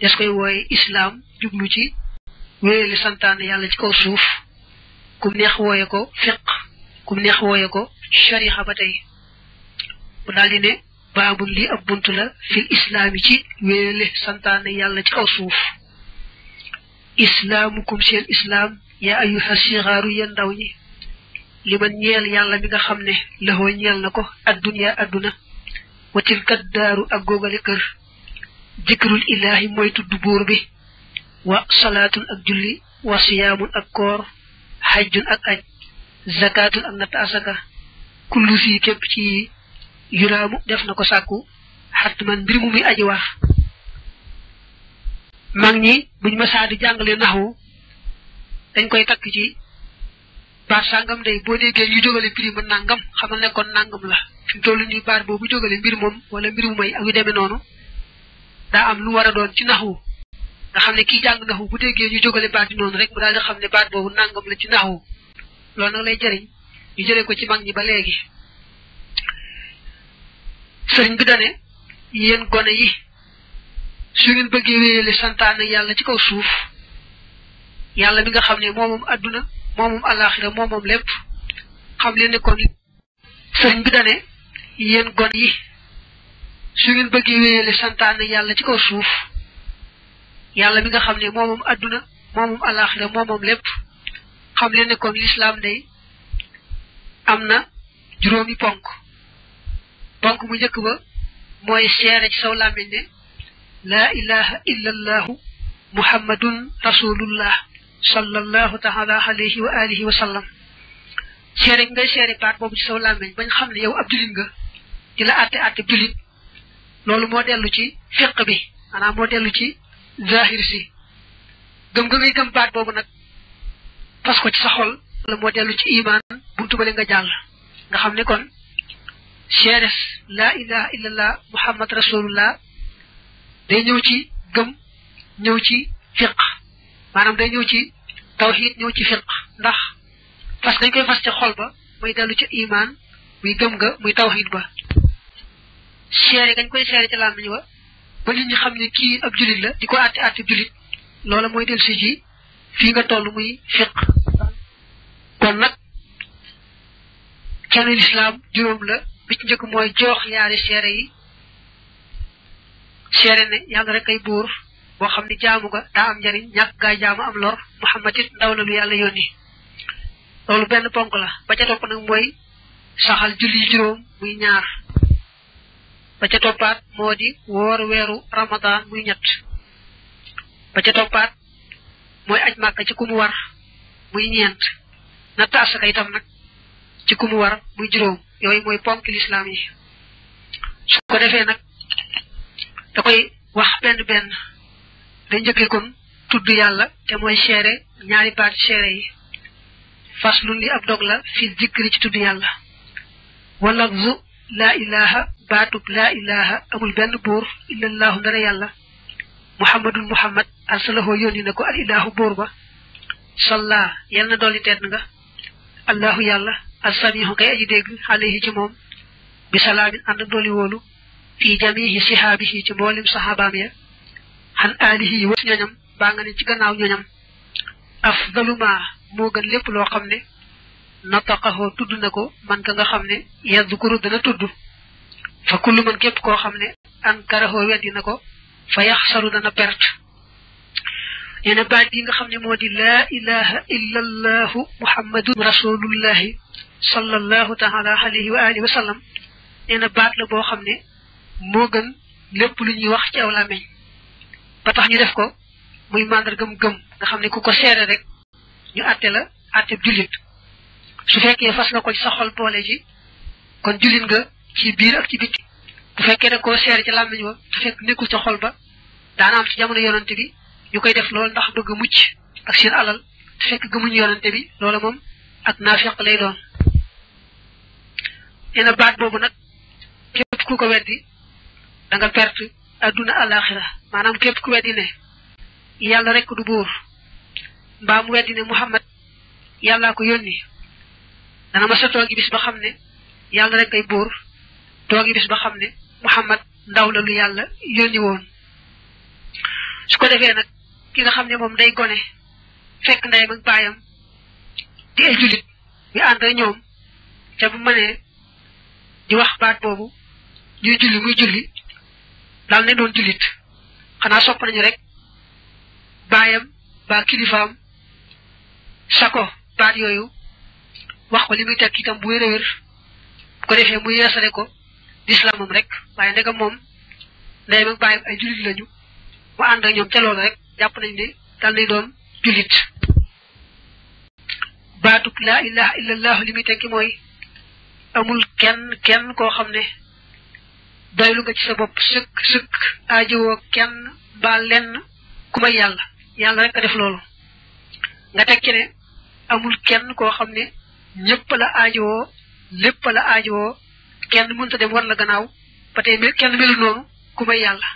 S1: des koy wooye islaam jublu ci wéyee li santaane yàlla ci kaw suuf كم نخويكو فقه كم نخويكو شريحة بتاي ونالي نه باب لي أبنت له في الإسلام يجي ويله سنتان يالله تأوصوف إسلامكم شيء الإسلام يا أيها الصغار ينداوي لمن يال يالله بيغا خمنه له يال نكو الدنيا أدنى وتلك الدار أقوغل كر ذكر الإله ميت الدبور به وصلاة الأجل وصيام أكور xajjun ak aj zakatun ak natt asaka kullu si képp ci yuraamu def na ko sàkku xatman mbir mu muy aji war mag ñi buñ masaa di jàngale naxwu dañ koy takk ci baat sàngam day boo déggee ñu jógale mbir ma nàngam xamal ne kon la fi mu nii baat boobu jógale mbir moom wala mbir mu may ak yu demee noonu daa am lu war a doon ci naxwu nga xam ne kii jàng naxu bu déggee ñu jógale baat yi noonu rek mu daal xam ne baat boobu nangam la ci naxu loolu nag lay jëriñ ñu jëlee ko ci mag ñi ba léegi sëriñ bi dane yéen gone yi su ngeen bëggee wéyale santaane yàlla ci kaw suuf yàlla mi nga xam ne moomam adduna moomam alaxira moomam lépp xam leen ne kon sëriñ bi dane yi su ngeen bëggee wéyale santaane yàlla ci kaw suuf yàlla bi nga xamne momum aduna momum alakhirah momum lépp xam leen ne kon lislaam day amna na juróomi ponk ponk mu jëkk ba mooy seere ci saw làmmiñ ne la ilaha illa allah muhammadun rasulullah sallallahu taala alayhi wa alihi wa sallam seere nga seere baat boobu ci saw làmmiñ bañ xam ne yow ab julit nga ci la àtte àtte julit loolu moo dellu ci fiq bi maanaam moo dellu ci zahir si gëm gëm gëm baat bobu nak fas ko ci sa xol la mo delu ci iman buntu bele nga jall nga xamni kon seeres la ilaha illallah muhammad rasulullah day ñew ci gëm ñew ci fiqh manam day ñew ci tawhid ñew ci fiqh ndax fas dañ koy fas ci xol ba muy delu ci iman muy gëm nga muy tawhid ba seere gañ koy seere ci ñu wa ba nit ñi xam ne kii ab julit la di ko àtte àtte julit loola mooy del si ci fii nga toll muy fiq kon nag canel islaam la bi mooy joox yaari yi seere ne ay buur boo xam ne jaamu nga daa am njariñ ñàkk gaa jaamu am lor Muhammad it ndaw la lu yàlla yónni loolu benn ponk la ba ca topp nag mooy saxal julli juróom muy ñaar ba ca toppaat moo di woor weeru ramadan muy ñett ba ca toppaat mooy aj màkka ci kumu war muy ñeent natt asaka itam nag ci kumu war muy juróom yooyu mooy ponk lislaam yi su ko defee nag da koy wax benn benn day njëkkee kon tudd yàlla te mooy seere ñaari baat seere yi fas lu li ab dog fi zikri ci tudd yàlla wala zu laa ilaha baatub laa ilaha amul benn buur illallaahu ndara yàlla muhammadun muhammad arsalahoo yónni na ko al ilahu buur ba salla yenn na dolli teet nga allahu yàlla assamihu kay aji dégg alayhi ci moom bi salaamin ànd ak dolli wóolu fii jamihi ci mboolem saxaabaam ya xan aalihi yi ñoñam baa nga ne ci gannaaw ñoñam afdaluma moo gën lépp loo xam ne nataqahu tudd na ko man ka nga xam ne yadkuru dana tudd fa kullu man képp koo xam ne ankarahu weddi na ko fa yaxsaru dana perte nee baat yi nga xam ne moo di laa ilaha illa allahu muhammadun rasulullahi sallallahu taala alayhi wa alihi wa sallam nee baat la boo xam ne moo gën lépp lu ñuy wax ci aw làmmiñ ba tax ñu def ko muy màndargam gëm nga xam ne ku ko seere rek ñu àtte la àtte jullit su fekkee fas nga ko ci sa xol boole ji kon jullit nga ci biir ak ci bitti bu fekkee da koo seer ci làmmiñ ba su fekk nekkul ca xol ba daana am ci jamono yonante bi ñu koy def lool ndax bëgg mucc ak seen alal su fekk gëmuñ yonante bi loolu moom ak naafeq lay doon nee na baat boobu nag képp ku ko weddi da nga perte adduna alaxira maanaam képp ku weddi ne yàlla rekk du buur mbaa mu weddi ne muhammad yàllaa ko yónni dana masa sa toogi bis ba xam ne yàlla rek kay buur toogi bis ba xam ne Muhammad ndaw la lu yàlla yónni woon su ko defee nag ki nga xam ne moom day gone fekk ndeyam ak baayam di ay jullit ñu ànd ak ñoom te bu mënee di wax baat boobu ñuy julli muy julli daal ne doon jullit xanaa sopp nañu rek baayam baa kilifaam sako baat yooyu wax ko li muy tekki tam bu wér a wér bu ko defee mu yeesale ko lislaamam rek waaye nega moom ndeyam ak baayam ay jullit lañu mu ànd ak ñoom ca loolu rek jàpp nañ ne dal nañ doon jullit baatub laa ilaha illallah li muy tekki mooy amul kenn kenn koo xam ne doylu nga ci sa bopp sëkk sëkk aajowoo kenn mbaa lenn ku may yàlla yàlla rek a def loolu nga tekki ne amul kenn koo xam ne ñëpp la aajowoo lépp la aajowoo kenn mënta dem war la gannaaw ba tey kenn melu noonu ku may yàlla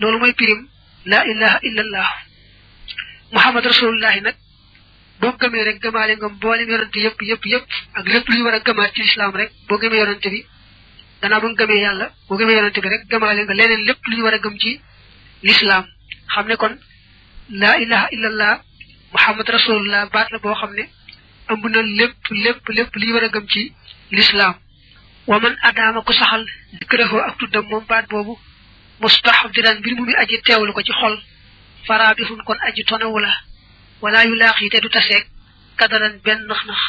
S1: loolu mooy pirim laa ilaha illa allah muhammad nag boo gëmee rek gëmaale nga mboolem yonante yëpp yëpp yëpp ak lépp lu a gëmaat ci rek boo gëmee yonante bi gannaaw ba nga gëmee yàlla boo gëmee yonante bi rek gëmaale nga leneen lépp lu ñu war a gëm ci lislaam xam ne kon laa ilaha illa allah baat la boo xam ne ëmb na lépp lépp lépp li ñu war a gëm ci lislaam wa man adaama ku saxal dikkërëxoo ak tuddam moom baat boobu mustaxdiran mbir mu muy aji teewlu ko ci xol faraabixun kon aji tonewu la wala yu laax yi te du taseeg kadaran benn nax-nax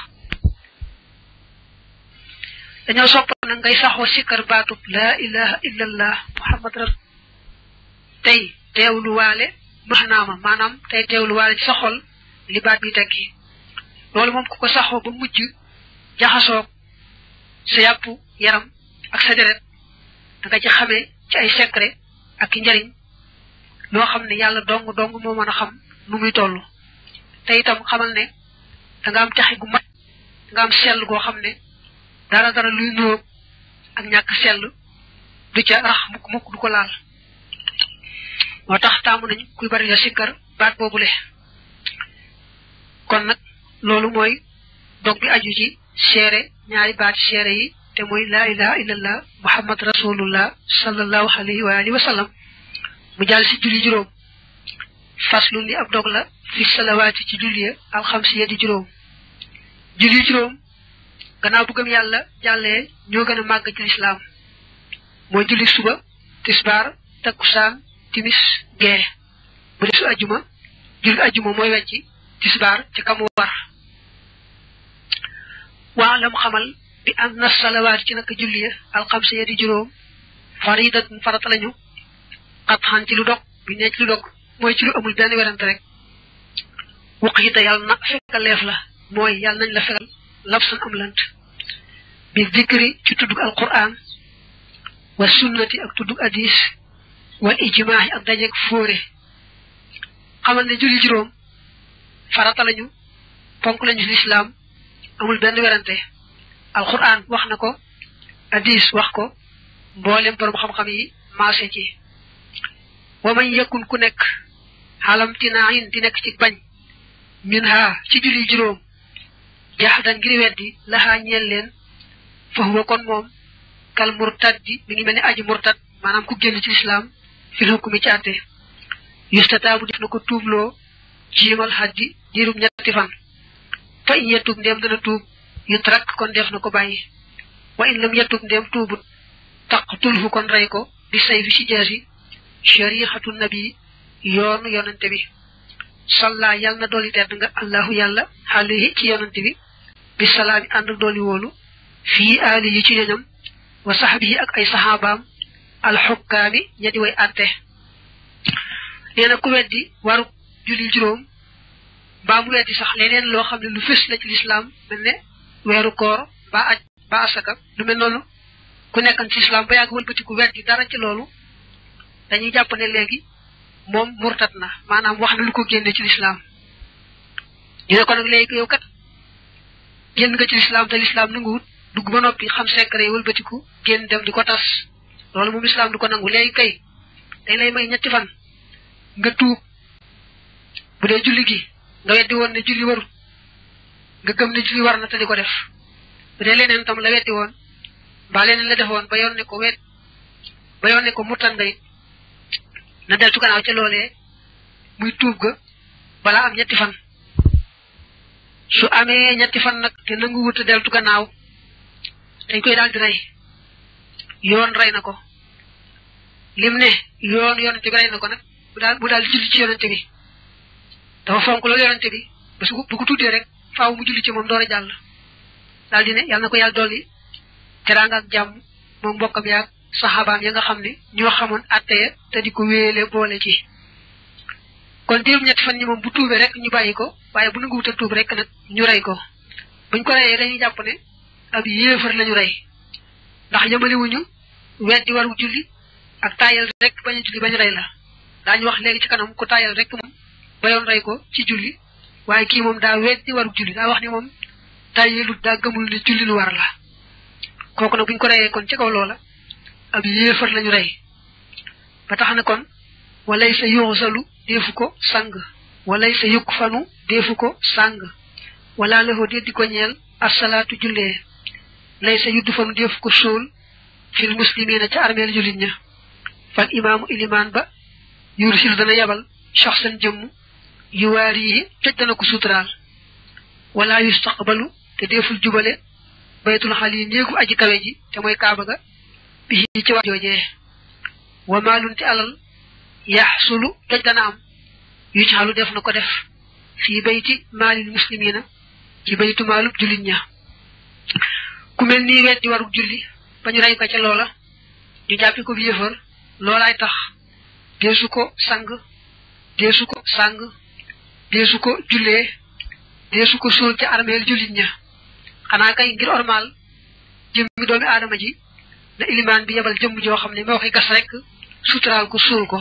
S1: dañoo sopp na ngay saxoo sikkar baatub laa ilaha illa muhammad rab tey teewlu waale maxnaama maanaam tey teewlu waale ci sa xol li baat bi tekki loolu moom ku ko saxoo ba mujj sa yaram ak sa deret da nga ci xamee ci ay secret ak njariñ loo xam ne yàlla dong dong moo mën a xam nu muy toll te itam xamal ne da nga am taxi gu mat da nga am sell goo xam ne dara dara luy nuróog ak ñàkk sell du ca rax mukk mukk du ko laal moo tax nañ kuy bari la sikkar baat boobu kon nag lolu moy, dog bi aju ci seere ñaari baat seere yi te moy la ilaha illallah muhammad rasulullah sallallahu Alaihi wa alihi wa mu jall si julli juroom faslu ni ab dog la fi salawaati ci julli ya al xamsiya di juroom julli juroom gannaaw bu gëm yalla jàllee ño gëna mag ci lislaam moy julli suba tisbar, takusan timis ge bu desu ajuma julli ajuma mooy wecc ci kam war waalam xamal bi am na ci naka julli ya alxamsa ya di juróom faridatun farata lañu xat xan ci lu dog bi nee lu dog mooy ci lu amul benn werante rek waq yi te yàlla na la mooy yàlla nañ la fekkal labsan am lant bi zikri ci tuddug alquran wa sunnati ak tuddug hadis wal ijmaahi ak dajeeg fóore xamal ne julli juróom farata lañu ponk lañu lislaam amul benn werante alquran wax na ko hadis wax ko mboolem borom xam-xam yi maase ci wa man yakun ku nekk xalam tinaayin di nekk ci bañ min ha ci julli juróom jaaxdan ngir weddi laxaa ñeel leen fa huwa kon moom kal murtad di mi ngi mel ni aji murtad maanaam ku génn ci islam fil hukmi ci àtte yustataabu def na ko tuubloo jiimal xaddi diirum ñetti fan fa in yatub ndéem dana tuub yut rakk kon def na ko bàyyi wa in lam yatub ndéem tuubut taqtulhu kon rey ko bi say fi ci jaasi sharixatu nabi yoonu yonante bi salla yàlla na dooli tedd nga allahu yàlla alayhi ci yonante bi bi salaami ànd ak dooli wóolu fii aali ci ñoñam wa saxabi yi ak ay saxaabaam alxukkaami ña way àtte nee ku weddi waru julli juróom ba di di sax leneen loo xam ne lu fës la ci lislaam mel ne weeru koor ba aj ba asaka lu mel noonu ku nekkan ci islam ba yàgg wëlbati ku di dara ci loolu dañuy jàpp ne léegi moom murtat na maanaam wax na lu ko génne ci lislaam ñu ne ko nag léegi yow kat génn nga ci lislaam te lislaam nangu dugg ba noppi xam secret ku génn dem di ko tas loolu moom du ko nangu léegi kay day lay may ñetti fan nga tuub bu dee julli gi nga weddi woon ne julli warut nga gëm ne julli war na te ko def bu dee leneen tam la weddi woon mbaa leneen la defoon ba yoon ne ko wet ba ko muttan nga it na deltu gannaaw ca loolee muy tuub ga balaa am ñetti fan su amee ñetti fan nag te nangu wuta deltu gannaaw dañ koy daal di rey yoon rey na ko lim ne yoon yoonante bi rey na ko nag bu daal bu daal di julli ci yoonante bi dafa fonk loolu yonante bi ba su ko tuddee rek faaw mu julli ci moom door a jàll daal di ne yàlla na ko yàlla dolli teraanga ak jàmm moom mbokkam yaag saxaabaam ya nga xam ne ñoo xamoon atteye te di ko wéele boole ci kon diirum ñetti fan ñi moom bu tuubee rek ñu bàyyi ko waaye bu nanguwut a tuub rek nag ñu rey ko buñ ko reyee dañuy jàpp ne ab yéefar lañu rey ndax yëmaliwuñu weddi waru julli ak taayal rek bañ a julli bañ rey la daañu wax léegi ci kanam ku taayal rek bayoon rey ko ci julli waaye kii moom daa weddi waru julli daa wax ne moom tàyyeelu daa gëmul ne julli lu war la kooku nag bu ñu ko reyee kon ci kaw loola ab yéefar lañu rey ba tax na kon walay sa yuxsalu deefu ko sang walay sa yukk fanu deefu ko sang wala lafoo dee di ko ñeel asalaatu jullee lay sa yuddu fanu deefu ko suul fil muslimiina ca armeel jullit ña fal imaamu ilimaan ba yursil dana yabal shaxsan jëmm yuwaarihi toj dana ko suturaal wala yustaqbalu te deeful jubale baytul xali néegu aji kawe ji te mooy kaaba ga bi ci waa wa maalun te alal yaxsulu toj dana am yu caxalu def na ko def fii bayti maalil muslimina ci baytu maalub jullit ña ku mel nii weddi warug julli ba ñu rey ko ca loola ñu jàppi ko bi loolaay tax deesu ko sang deesu ko sang Dia ko jullee dia ko suul ci armel julit ña xana kay ngir ormal bi doomi adama ji na iliman bi yabal jëm jo xamne mo moo gas rek suturaal ko sul ko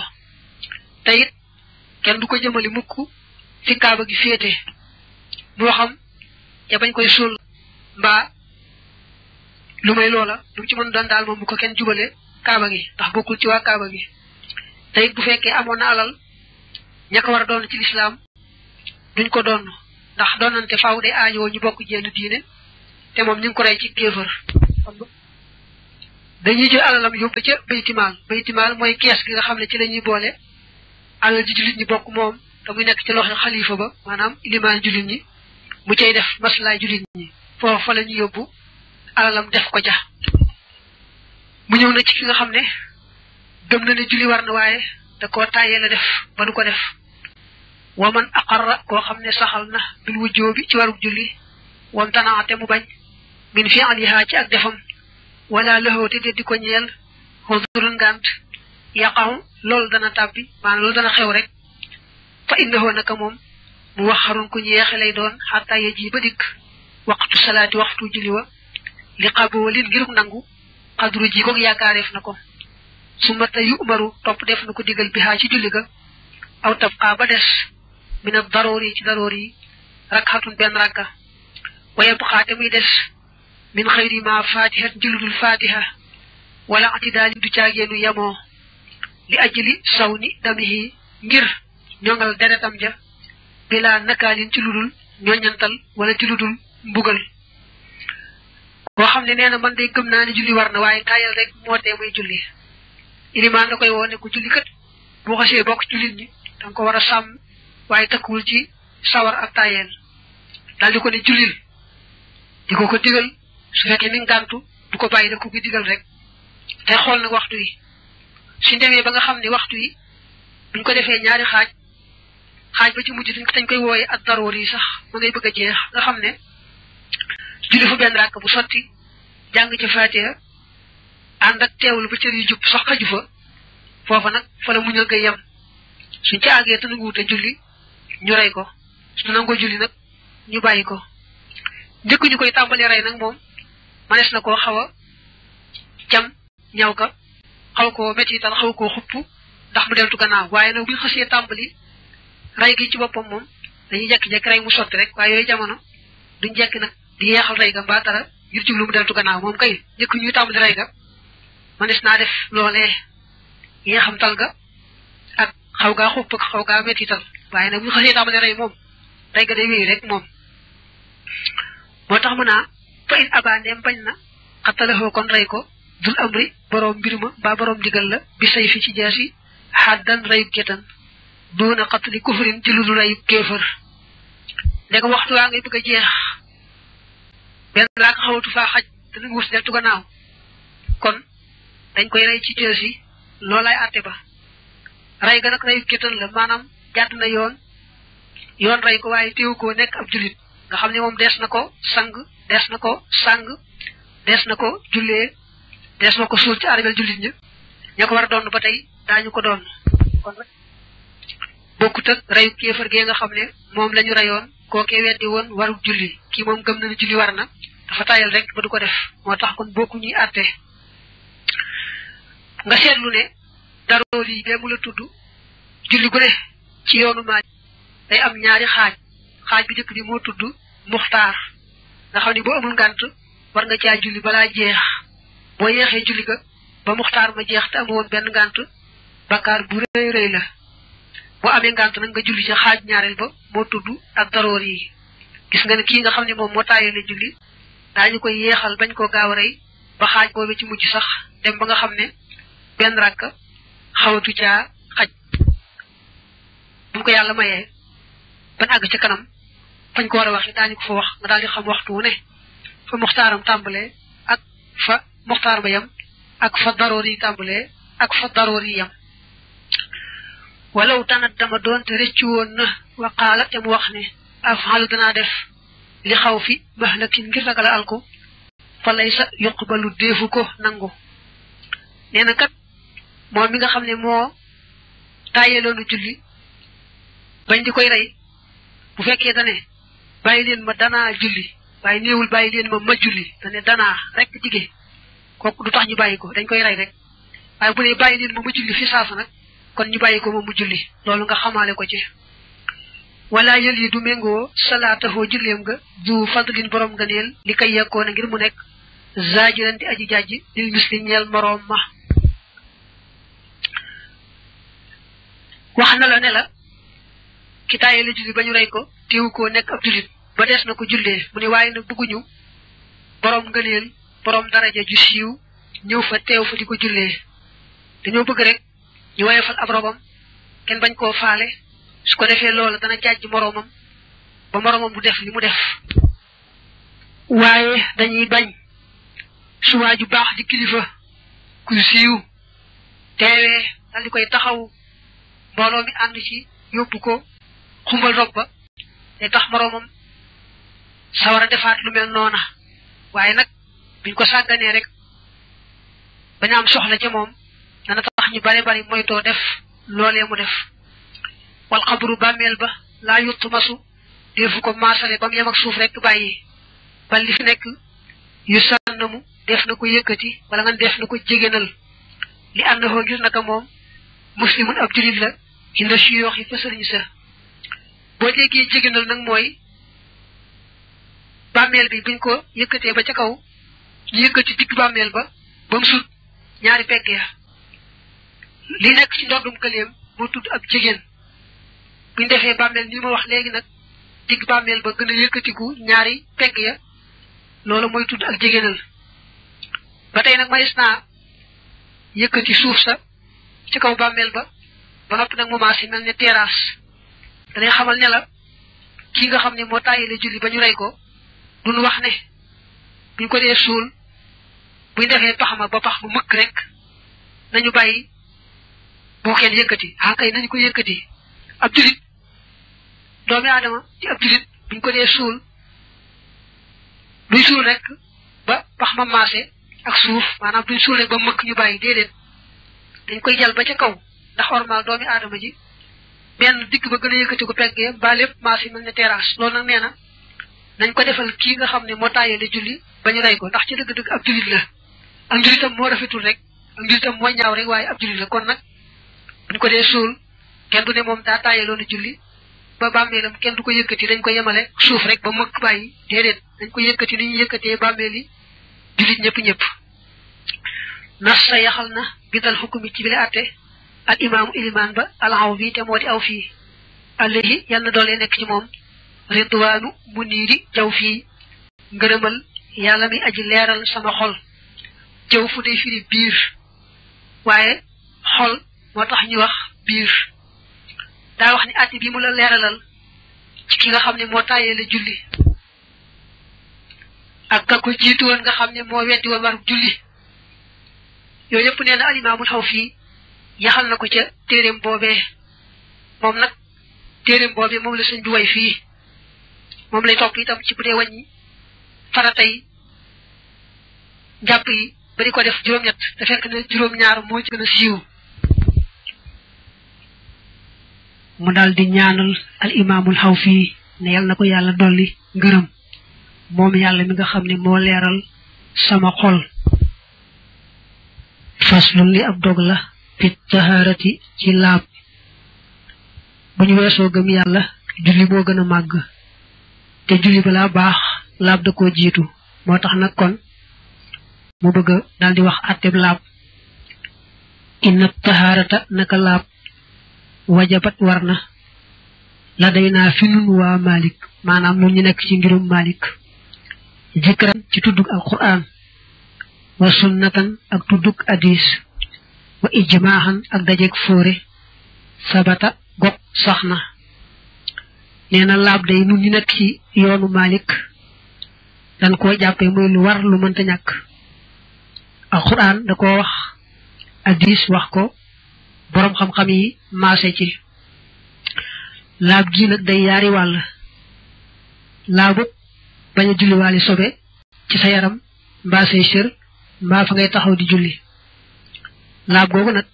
S1: tayit ken du ko jëmali mukk ci kaaba gi fete xam ya bañ koy sul mbaa lu may loola lu ci mën doon dal mom ko ken jubale kaaba gi tax bokul ci wa kaaba gi tayit bu fekke amona alal ñaka war doon ci l'islam duñ ko doon ndax doonante faaw day aajoo ñu bokk jenn diine te moom ñu ko rey ci kéefër dañuy jël alalam yóbbu ca baytimaal baytimaal mooy kees gi nga xam ne ci lañuy ñuy boole alal ji jullit ñi bokk moom te muy nekk ba maanaam ilimaan jullit ñi mu cay def maslaay jullit ñi foofu fa ñu yóbbu alalam def ko ja mu ñëw na ci ki nga xam ne gëm na ne julli war na waaye da koo tàyyee la def ba nu ko def wa man aqarra koo xam ne saxal na bil wujjoobi ci warug julli wam tanaate mu bañ min fi'lihaa ci ak defam wala lëxoo te de di ko ñeel xudurun ngant yaqaru lool dana tàbbi maanaam loolu dana xew rek fa innahoo naka moom mu wax xarun ko ñu yeexe lay doon xataa ye ji ba dikk waxtu salaati waxtu julli wa li xaboolin ngiruk nangu xadru ji ko yaakaareef na ko su mata yu umaru topp def na ko digal bi xaa ci julli ga aw tab xaa ba des min a daroor yi ci daroor yi rakxatun benn rakka wa yabqa te muy des min xayri ma fatiha ci lu dul fatiha wala atidaali du caageenu yemoo li ajli saw ni damihi ngir ñoŋal deretam ja bila nakaalin ci lu dul ñoñantal wala ci lu dul mbugal boo xam ne nee na man day gëm naa ne julli war na waaye rek moo tee muy julli ilimaan da koy woo ne ko julli kat boo xasee bokk jullit ñi ko war a waye takul ci sawar ak tayel dal di ko ne julil di ko ko digal su fekke ni ngantu du ko bàyyi ko ko digal rek tay xol nag waxtu yi su ndewé ba nga xamni ne waxtu yi duñ ko defé ñaari xaj xaj ba ci mujju duñ ko dañ koy wooye ak daroor sax ma ngay bëgg jeex nga xamne ne julli fu benn ràkk bu soti jang ci faatiha and ak teewlu bu ci yu jup sax xaju fa foofa nak fa la muñu nga yem ci agé te wuté julli ñu rey ko su nangoo julli nag ñu bàyyi ko njëkk ñu koy tàmbalee rey nag moom manees na ko xaw a jam ñaw ka xaw ko koo mettital xaw ko xupp ndax mu deltu gannaaw waaye nag bu ñu xasee tàmbali rey ci boppam moom dañuy jekki-jekki mu sotti rek waaye yooyu jamono duñ jekki nag di yeexal rey ga mbaa dara ngir jublu mu deltu gannaaw moom kay njëkk ñuy tàmbali rey ga manees naa def loolee yeexam tal ga xaw gaa xupp ak xaw gaa métital waaye nag bu xasee tàmbali rey moom rey ga rek moom moo tax ma naa fa in abandeem bañ na xatalahoo kon rey ko dul amri boroom mbir ma mbaa boroom ndigal la bi say fi ci jaas yi xaddan reyub gétan doona xatali kufrin ci lu dul reyub kéefër ndega waxtu waa ngay bëgg jeex benn laa ko xawatu faa xaj te nangu wut deltu gannaaw kon dañ koy rey ci jaas yi loolaay ba rey ga nag reyu kétan la maanaam jàdd na yoon yoon rey ko waaye téew koo nekk ab jullit nga xam ne moom dees na ko sang dees na ko sang dees na ko jullee dees na ko suul ci armeel jullit ña ña ko war a doon ba tey daañu ko doon kon bokkut ak reyu kéefar gee nga xam ne moom lañu ñu reyoon kookee weddi woon waru julli kii moom gëm na ne julli war na dafa tayal rek ba du ko def moo tax kon bokkuñuy ñuy àtte nga seetlu ne daroo lii bee mu la tudd julli gu ne ci yoonu maaj day am ñaari xaaj xaaj bi njëkk bi moo tudd muxtaar nga xam ne boo amul ngant war nga caa julli balaa jeex boo yeexee julli ga ba muxtaar ma jeex te amoon benn ngant bakkaar bu rëy rëy la boo amee ngant nag nga julli ci xaaj ñaareel ba moo tudd ak daroor yi gis nga ne kii nga xam ne moom moo julli daañu koy yeexal bañ ko gaaw rey ba xaaj boobee ci mujj sax dem ba nga xam ne benn xawatu caa xaj bu ko yàlla mayee ban àgg ca kanam fañ ko war a waxee daañu fa wax nga daal di xam waxtu ne fa muxtaaram tàmbalee ak fa muxtaar ba yam ak fa daroor yi tàmbalee ak fa daroor yi yam walaw tanat dama doonte rëccu na waqaala te def li xaw fi mahlakin ngir ragal alko fa lay sa yuqbalu déefu ko nangu nee kat moom mi nga xam ne moo tàyyeloonu julli bañ di koy rey bu fekkee dane bàyyi leen ma danaa julli waaye néewul bàyyi leen ma ma julli dane danaa rek jigéen kooku du tax ñu bàyyi ko dañ koy rey rek waaye bu ne bàyyi leen ma ma julli fi saasa nag kon ñu bàyyi ko ma mu julli loolu nga xamaale ko ci wala yël yi du méngoo salaatahoo julleem nga du fadlin borom nga neel li kay yekkoon a ngir mu nekk zaajiran di aji jàjji lil muslim ñeel moroom ma wax na la ne la ki taaye la julli ba ñu rey ko teewu koo nekk ab jullit ba des na ko jullee mu ne waaye nag bëgguñu borom ngëneel borom daraja ju siiw ñëw fa teew fa di ko jullee dañoo bëgg rek ñu woyofal ab robam kenn bañ koo faale su ko defee loola dana jàjj moroomam ba moroomam bu def li mu def waaye dañuy bañ su waaju baax di kilifa ku siiw teewee dal di koy taxaw mbooloo mi ànd ci yóbbu ko xumbal rob ba te tax moroomam sawar a defaat lu mel noona waaye nag biñ ko sàgganee rek bañ am soxla ca moom dana tax ñu bare bari moytoo def loolee mu def wal xabru bàmmeel ba laa yuttu masu defu ko maasale ba mu suuf rek bàyyi ba li fi nekk yu sànnamu def na ko yëkkati wala nga def na ko jégénal li ànd na koo gis naka moom muslimun ab julit la inda siyoox yi fa sëriñ sa boo déggee jéginal nag mooy bàmmeel bi buñ ko yëkkatee ba ca kaw ñu yëkkati digg bàmmeel ba ba mu sut ñaari pegg ya li nekk ci ndoddum këleem moo tudd ab jigéen buñ defee bàmmeel ni ma wax léegi nag digg bàmmeel ba gën a yëkkatiku ñaari pegg ya loolu mooy tudd ak jigéenal ba tey nag manis naa yëkkati suuf sa ci kaw bàmmeel ba ba noppi nag mu maas yi mel ne terrasse danay xamal ne la kii nga xam ne moo tàyyile julli ba ñu rey ko duñ wax ne buñ ko dee suul buñ defee pax ma ba pax mu rek nañu bàyyi bu yëkkati ah kay nañu ko yëkkati ab jullit buñ ko dee suul duñ suul rek ba pax ma maase ak suuf maanaam duñ suul rek ba mëkk ñu bàyyi déedéet dañ koy jël ba ca kaw ndax ormal doomi aadama ji benn dikk ba gën a yëkkati ko pegg ya ba lépp maa si mel ne terrasse loolu nag nee nañ ko defal kii nga xam ne moo tàyyale julli ba ñu rey ko ndax ci dëgg-dëgg ab jullit la ak njullitam moo rafetul rek ak njullitam moo ñaaw rek waaye ab jullit la kon nag duñ ko dee suul kenn du ne moom daa tàyyee loolu julli ba bàmmeelam kenn du ko yëkkati dañ ko yemale suuf rek ba mëkk bàyyi déedéet dañ ko yëkkati ni ñu yëkkatee bàmmeel yi jullit ñëpp nas sa yaxal na bidal xukumi ci bile atte al imaamu ilimaan ba alxaw bi te moo di aw fii allahi yal na doole nekk ci moom ridwaanu mu niiri jaw fii ngërëmal yàlla mi aji leeral sama xol jëw fu day firi biir waaye xol moo tax ñu wax biir daa wax ni àtte bi mu la leeralal ci ki nga xam ne moo tàyyee la julli ak ka ko jiitu woon nga xam ne moo weddi woon war julli yooyu yëpp nee na alimaamul xaw fii yaxal na ko ca téeréem boobee moom nag téeréem boobee moom la sëñ bi way fii moom lay topp itam ci bu dee wàññi farata yi jàpp yi ba di ko def juróom-ñett te fekk ne juróom-ñaar moo ci gën a siiw mu daal di ñaanal al xaw fii ne yàlla na ko yàlla dolli ngërëm moom yàlla mi nga xam ne moo leeral sama xol faslun li ab dog la fit taharati ci lab buñu weso gëm julli bo gëna mag te julli bala bax lab da ko jitu motax nak kon mu bëgg daldi wax atib lab inna taharata naka lab wajabat warna la malik manam ñu nek ci ngirum malik jikran ci tuddu alquran wa sunnatan ak tudduk hadis wa ijmaahan ak dajek fure sabata gok saxna neena lab day nu ni nak ci yoonu malik dan ko jappé moy lu war lu mënta ñàkk alquran da ko wax hadis wax ko borom xam-xam yi maase ci lab gi nak day yari wal labu baña julli wali sobe ci sa yaram maa fa ngay taxaw di julli laab googu nag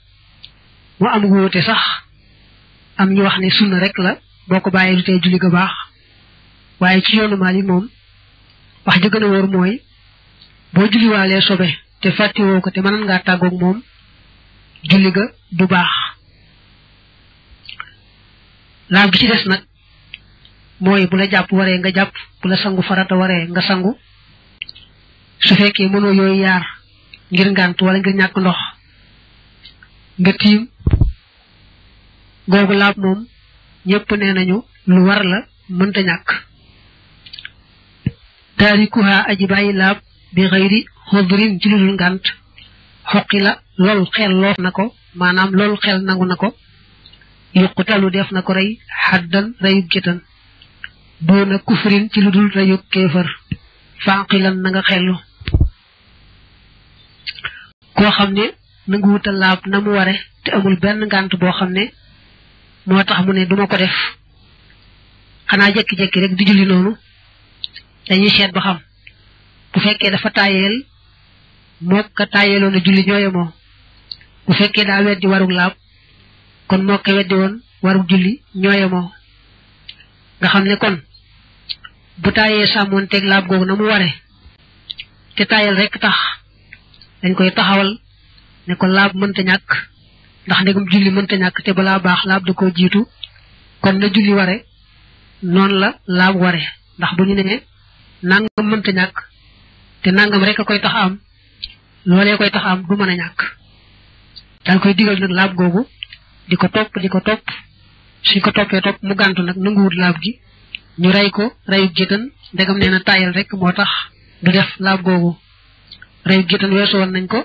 S1: mu am wóote sax am ñu wax ne sunna rek la boo ko bàyyee du tee julli ga baax waaye ci yoonu Maalik moom wax ji gën wóor mooy boo julliwaalee sobe te fàttiwoo ko te mënoon ngaa tàggoog moom julli ga du baax laab gi ci des nag mooy bu la jàpp waree nga jàpp bu la sangu farata waree nga sangu su fekkee mënoo yooyu yaar ngir ngànt wala ngir ñàkk ndox nga tiim googu laab moom ñëpp nee nañu lu war la mënta ñàkk taarikuha aji bàyyi laab bi xëyri xodrin ci ludul ngànt xoqi la loolu xel loof na ko maanaam loolu xel nangu na ko yuqutalu def na ko rey xaddan reyub jëtan doona kufrin ci ludul reyub kéefër fanqilan na nga xellu koo xam ne nangu wuta laab na mu ware te amul benn ngànt boo xam ne moo tax mu ne duma ko def xanaa jekki-jekki rek di julli noonu dañuy seet ba xam bu fekkee dafa taayeel mook ka taayeeloon a julli ñooye moo bu fekkee daa weddi warug laab kon moo ko weddi woon warug julli ñooye moo nga xam ne kon bu taayee sàmmoon teg laab googu na mu ware te taayeel rek tax dañ koy taxawal ne ko laab mënta ñàkk ndax ndegum julli mënta ñàkk te balaa baax laab da koo jiitu kon na julli ware non la laab ware ndax bu ñu ne nangam mënta ñàkk te nangam rek koy tax am loolee koy tax am du mën a ñàkk dal koy digal nag laab googu di ko topp di ko topp suñ ko toppee topp mu gàntu nag nanguwut laab gi ñu ray ko rayu jëgan ndegam nee na tayal rek moo tax du def laab googu rey géttan weesu nañ ko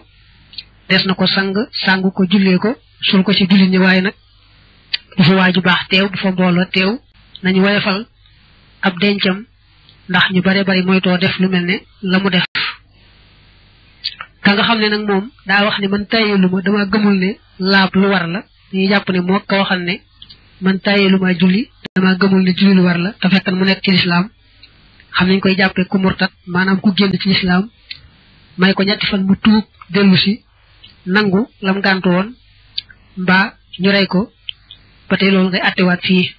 S1: des na ko sang sangu ko jullee ko sul ko ci jullit ñi waaye nag du fa waa ju baax teew du fa mbooloo teew nañu woyofal ab dencam ndax ñu bare bari too def lu mel ne la mu def ka nga xam ne nag moom daa wax ne man tàyyeelu ma dama gëmul ne laab lu war la dañuy jàpp ne moo ko waxal ne man lu ma julli dama gëmul ne julli lu war la te fekkan mu nekk ci lislaam xam nañ koy jàppee ku murtat maanaam ku génn ci lislaam may ko ñetti fan mu tuub delu si nangu lam gàntu woon ñu ray ko ba tey ngay atté attewaat fi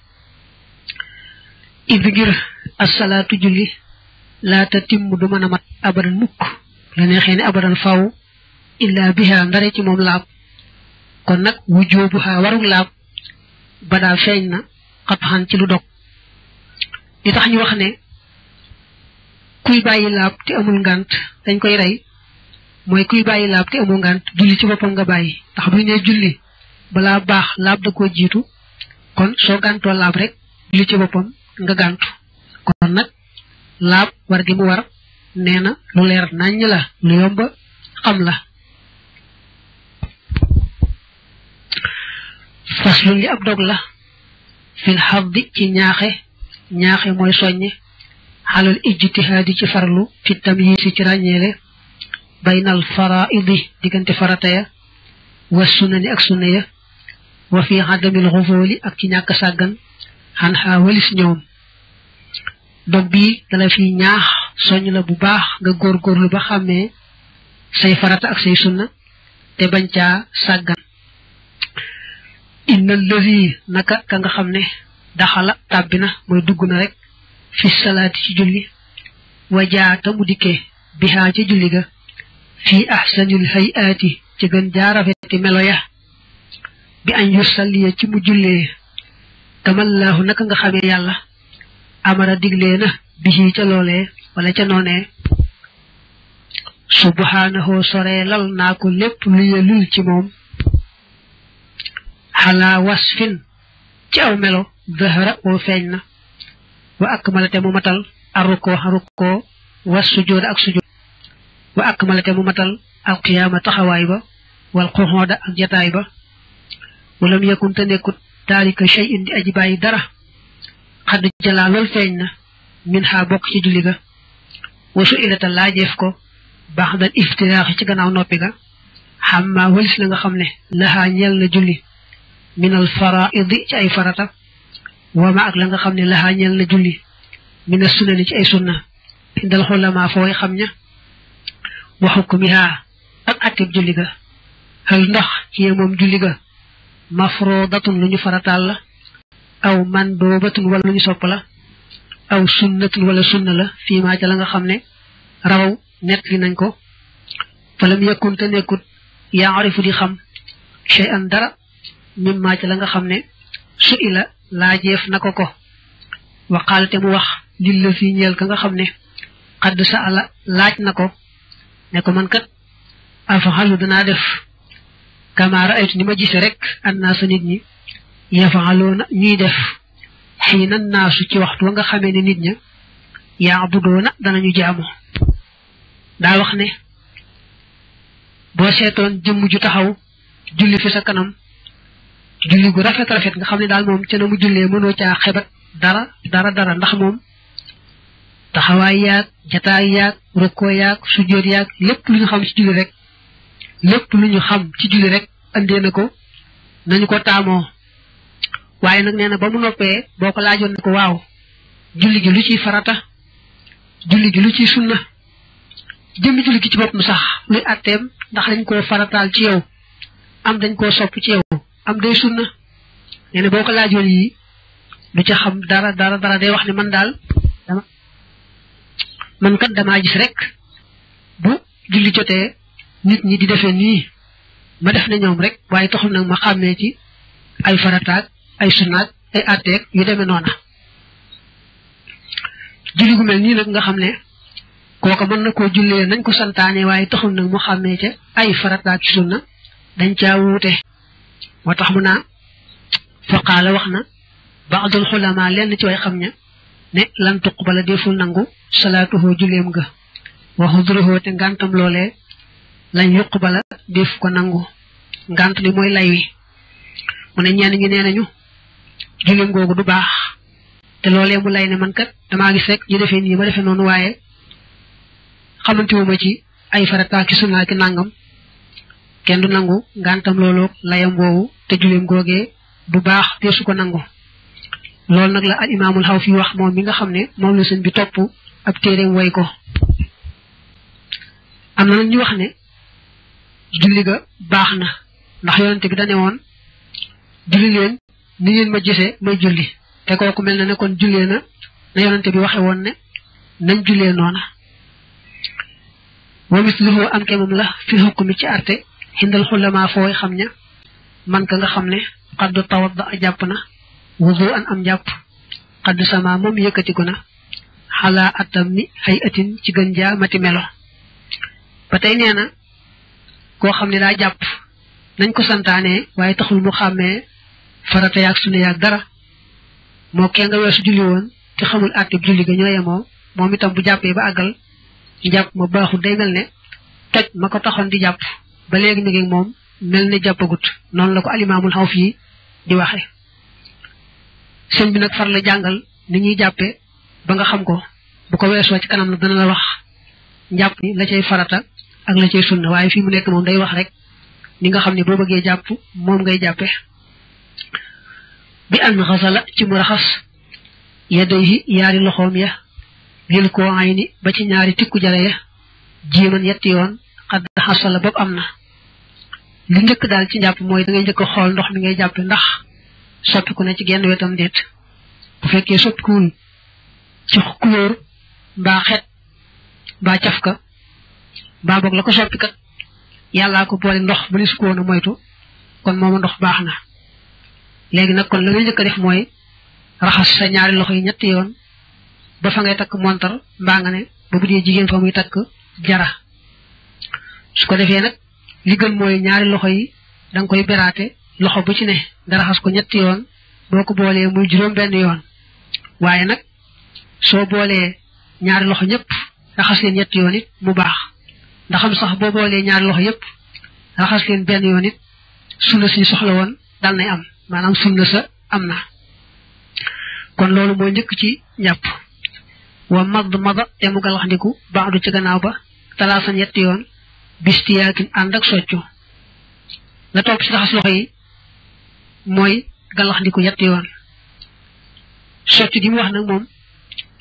S1: ibigir as-salatu julli la ta du mën mat abadan mukk la neexee abadan faaw illa biha ndare ci mom laap kon nak wujoobuha warug laab ba daa feeñ ci lu dok ñu wax ne kuy bàyyi laab te amul ngànt dañ koy rey mooy kuy bàyyi laab te amul ngànt julli ci boppam nga bàyyi tax bu ñu nee julli balaa baax laab da koo jiitu kon soo gantoo laab rek julli ci boppam nga gàntu kon nag laab war gi mu war nee na lu leer nàññ la lu yomba xam la faslun li ab dog la fil xabdi ci ñaaxe ñaaxe mooy soññe alal ijtihad ci farlu fi tamyiz ci ragnele bainal fara'id digante farata ya wa sunan ak sunna ya wa fi al ghuful ak ci ñak sagan han ha walis ñoom dog bi dala fi ñaax soñ la bu baax nga gor lu ba xamé say farata ak say sunna te bañ ca sagan innal ladhi naka ka nga xamne dakhala tabina moy duguna rek fi salaati ci julli wajaata mu dikkee bihaa ca julli ga fi ahsanil hayati ci gën jaarafeti melo ya bi an yusalliya ci mu jullee tamallaahu naka nga xamee yàlla amara diglee na bisi ca loolee wala ca noonee subhaanahu soree lal naa ko lépp lu ye lul ci moom xalaa wasfin ci aw melo dahara woo feeñ na واكملت ممتل الركوع ركوع والسجود اك سجود واكملت ممتل القيام تخوايبا والقعود اك جتايبا ولم يكن تنكت ذلك شيء دي اجباي درا قد جلال الفين منها بوك سي جوليغا وسئلت لاجيفكو بعد الافتراخ سي غناو نوبيغا حما ولس لاغا خامني لها نيل جولي من الفرائض تي اي فراتا wama ak la nga xam ne laxaa ñeel na julli mina sunani ci ay sunna indal xulamaa fooy xam ña wa xukmihaa ak atteb julli ga xal ndax ci moom julli ga mafrodatun lu farataal la aw mandoobatun wala lu ñu sopp la aw sunnatun wala sunna la fii maa la nga xam ne rawaw nett nañ ko falam yakun te nekkut yaarifu di xam chey dara mim maa la nga xam ne su ila laajeef na ko ko waxaalte mu wax lil fi ñeel ka nga xam ne xadd sa laaj na ko ne ko man kat afaxalu danaa def kamaara aytu ni ma gise rek an naa sa nit ñi yafaxaloona ñuy def xiina naasu ci waxtu wa nga xamee ne nit ña yaabudoona danañu jaamu daa wax ne boo seetoon jëmm ju taxaw julli fi sa kanam julli gu rafet rafet nga xamni dal mom moom na mu julle mëno ci xebat dara dara dara ndax mom taxawaay yaag jataay yaag rokkoo lu ñu xam ci julli rek lepp lu ñu xam ci julli rek andee nako ko ko taamoo waye nak neena ba mu noppé boko ko laajoon julli gi lu ci farata julli gi lu ci sunna jëmmi julli gi ci boppam sax muy atem ndax lañ ko farataal ci yow am dañ ko sopp ci yow am day sunna nee na boo ko laajoon yi du ca xam dara dara dara day wax ne man daal dama man kat damaa gis rek bu julli jotee nit ñi di defee nii ma def na ñoom rek waaye taxul nag ma xàmmee ci ay farataag ay sunnaag ay àtteeg yu demee noona julli gu mel nii nag nga xam ne kooka man na koo jullee nañ ko santaane waaye taxul nag mu xàmmee ca ay farataag sunna dañ caa moo tax mu naa faqaala wax na baadul xulamaa lenn ci way xam ña ne lan tuqbala deful nangu salaatuhu juleem nga wa xudruhu te ngàntam loolee lañ bala def ko nangu ngànt li mooy lay wi mu ne ñenn ñi nee nañu juleem googu du baax te loolee mu lay ne man kat damaa gis rek ñu defee nii ma defee noonu waaye xamante wu ci ay farataaki sunaa ki nàngam kenn du nangu ngantam loolu layam woowu te julleem googee du baax te su ko nangu loolu nag la al imaamul xaw fi wax moom mi nga xam ne moom la sëñ bi topp ab téereem way ko am na nag ñu wax ne julli ga baax na ndax yonente bi dane woon julli leen ni ngeen ma gisee may julli te kooku mel kon jullee na na yonente bi woon ne nañ jullee noona wa misluhu am ke la fi xukk mi ci arte xindal xulamaa fooy xam ña man ka nga xam ne xaddu tawat a jàpp na wudu an am jàpp xaddu sama moom yëkkatiku na xalaa atam mi ay atin ci gën jaa mati melo ba tey nee koo xam ne daa jàpp nañ ko santaane waaye taxul mu xàmmee farata yaag sunna yaag dara moo kee nga weesu julli woon te xamul àtte julli ga ñoo yemoo moom itam bu jàppee ba àggal jàpp ma baaxul day mel ne toj ma ko taxoon di jàpp ba léegi mi moom mel ni jàppagut noonu la ko alimaamul xaw fii di waxe sëñ bi nag far la jàngal ni ñuy jàppe ba nga xam ko bu ko weesoo ci kanam nag dana la wax njàpp ni la cay farata ak la cay sunna waaye fii mu nekk moom day wax rek ni nga xam ne boo bëggee jàpp moom ngay jàppe bi an xasala ci mu raxas yadayhi yaari loxoom ya lil ko ay ni ba ci ñaari tikku jare ya jéeman yetti yoon qad hasala bab amna lu ñëk dal ci japp moy da ngay jëk xol ndox mi ngay japp ndax ku ne ci genn wetam det bu fekkee soppikuwul ci couleur ba xet ba cafka ba bok la ko soppi kat yalla ko boole ndox bu li su koon moytu kon moma ndox baax na léegi kon la ngay def moy raxas sa ñaari loxo ñett yoon ba fa ngay tak montar ba nga ne bu bu dee fa muy tak jara su ko defee nag li gën mooy ñaari loxo yi da nga koy beraate loxo bu ci ne nga raxas ko ñetti yoon boo ko boolee muy juróom benn yoon waaye nag soo boolee ñaari loxo ñëpp raxas leen ñetti yoon it mu baax ndaxam sax boo boolee ñaari loxo yëpp raxas leen benn yoon it sunna si soxla woon dal nay am maanaam sunna sa am na kon loolu moo njëkk ci njàpp wa mad mada te mu galaxndiku baax du ci gannaaw ba talaasan ñetti yoon bistiyakin ànd ak soccu la tok ci tax loxo moy galax galaxndiku yetti won soccu di wax nak mom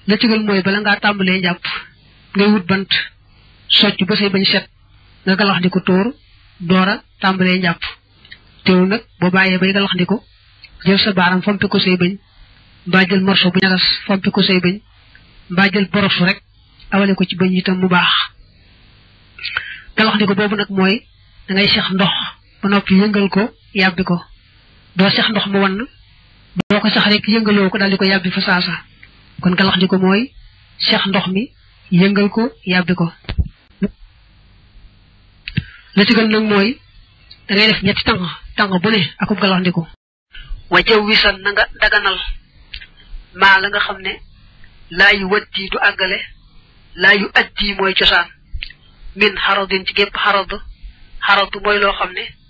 S1: la ci gën bala nga japp ngay wut bant soccu ba bañ set nga galaxndiku tor dora tàmbalee japp teew nak bo baye bay galaxndiku jeuf sa baram fompi ko sey bañ ba jël morso bu ñagas fompi ko sey bañ ba jël borof rek awale ko ci bañ itam mu baax tabaxandiku boobu nag mooy da ngay ndox ba noppi yëngal ko yàbbi ko doo sex ndox mu wann doo ko sax rek yëngaloo ko daal di ko yàbbi fa saasa kon galaxndiku mooy sex ndox mi yëngal ko yàbbi ko la mooy da ngay def ñetti tàng tàng bu ne akub galaxndiku wa jëw wisan na daganal maa la nga xam ne laa yu watti du àggale laa yu mooy cosaan min xaradin ci gépp xarad xarad mooy loo xam ne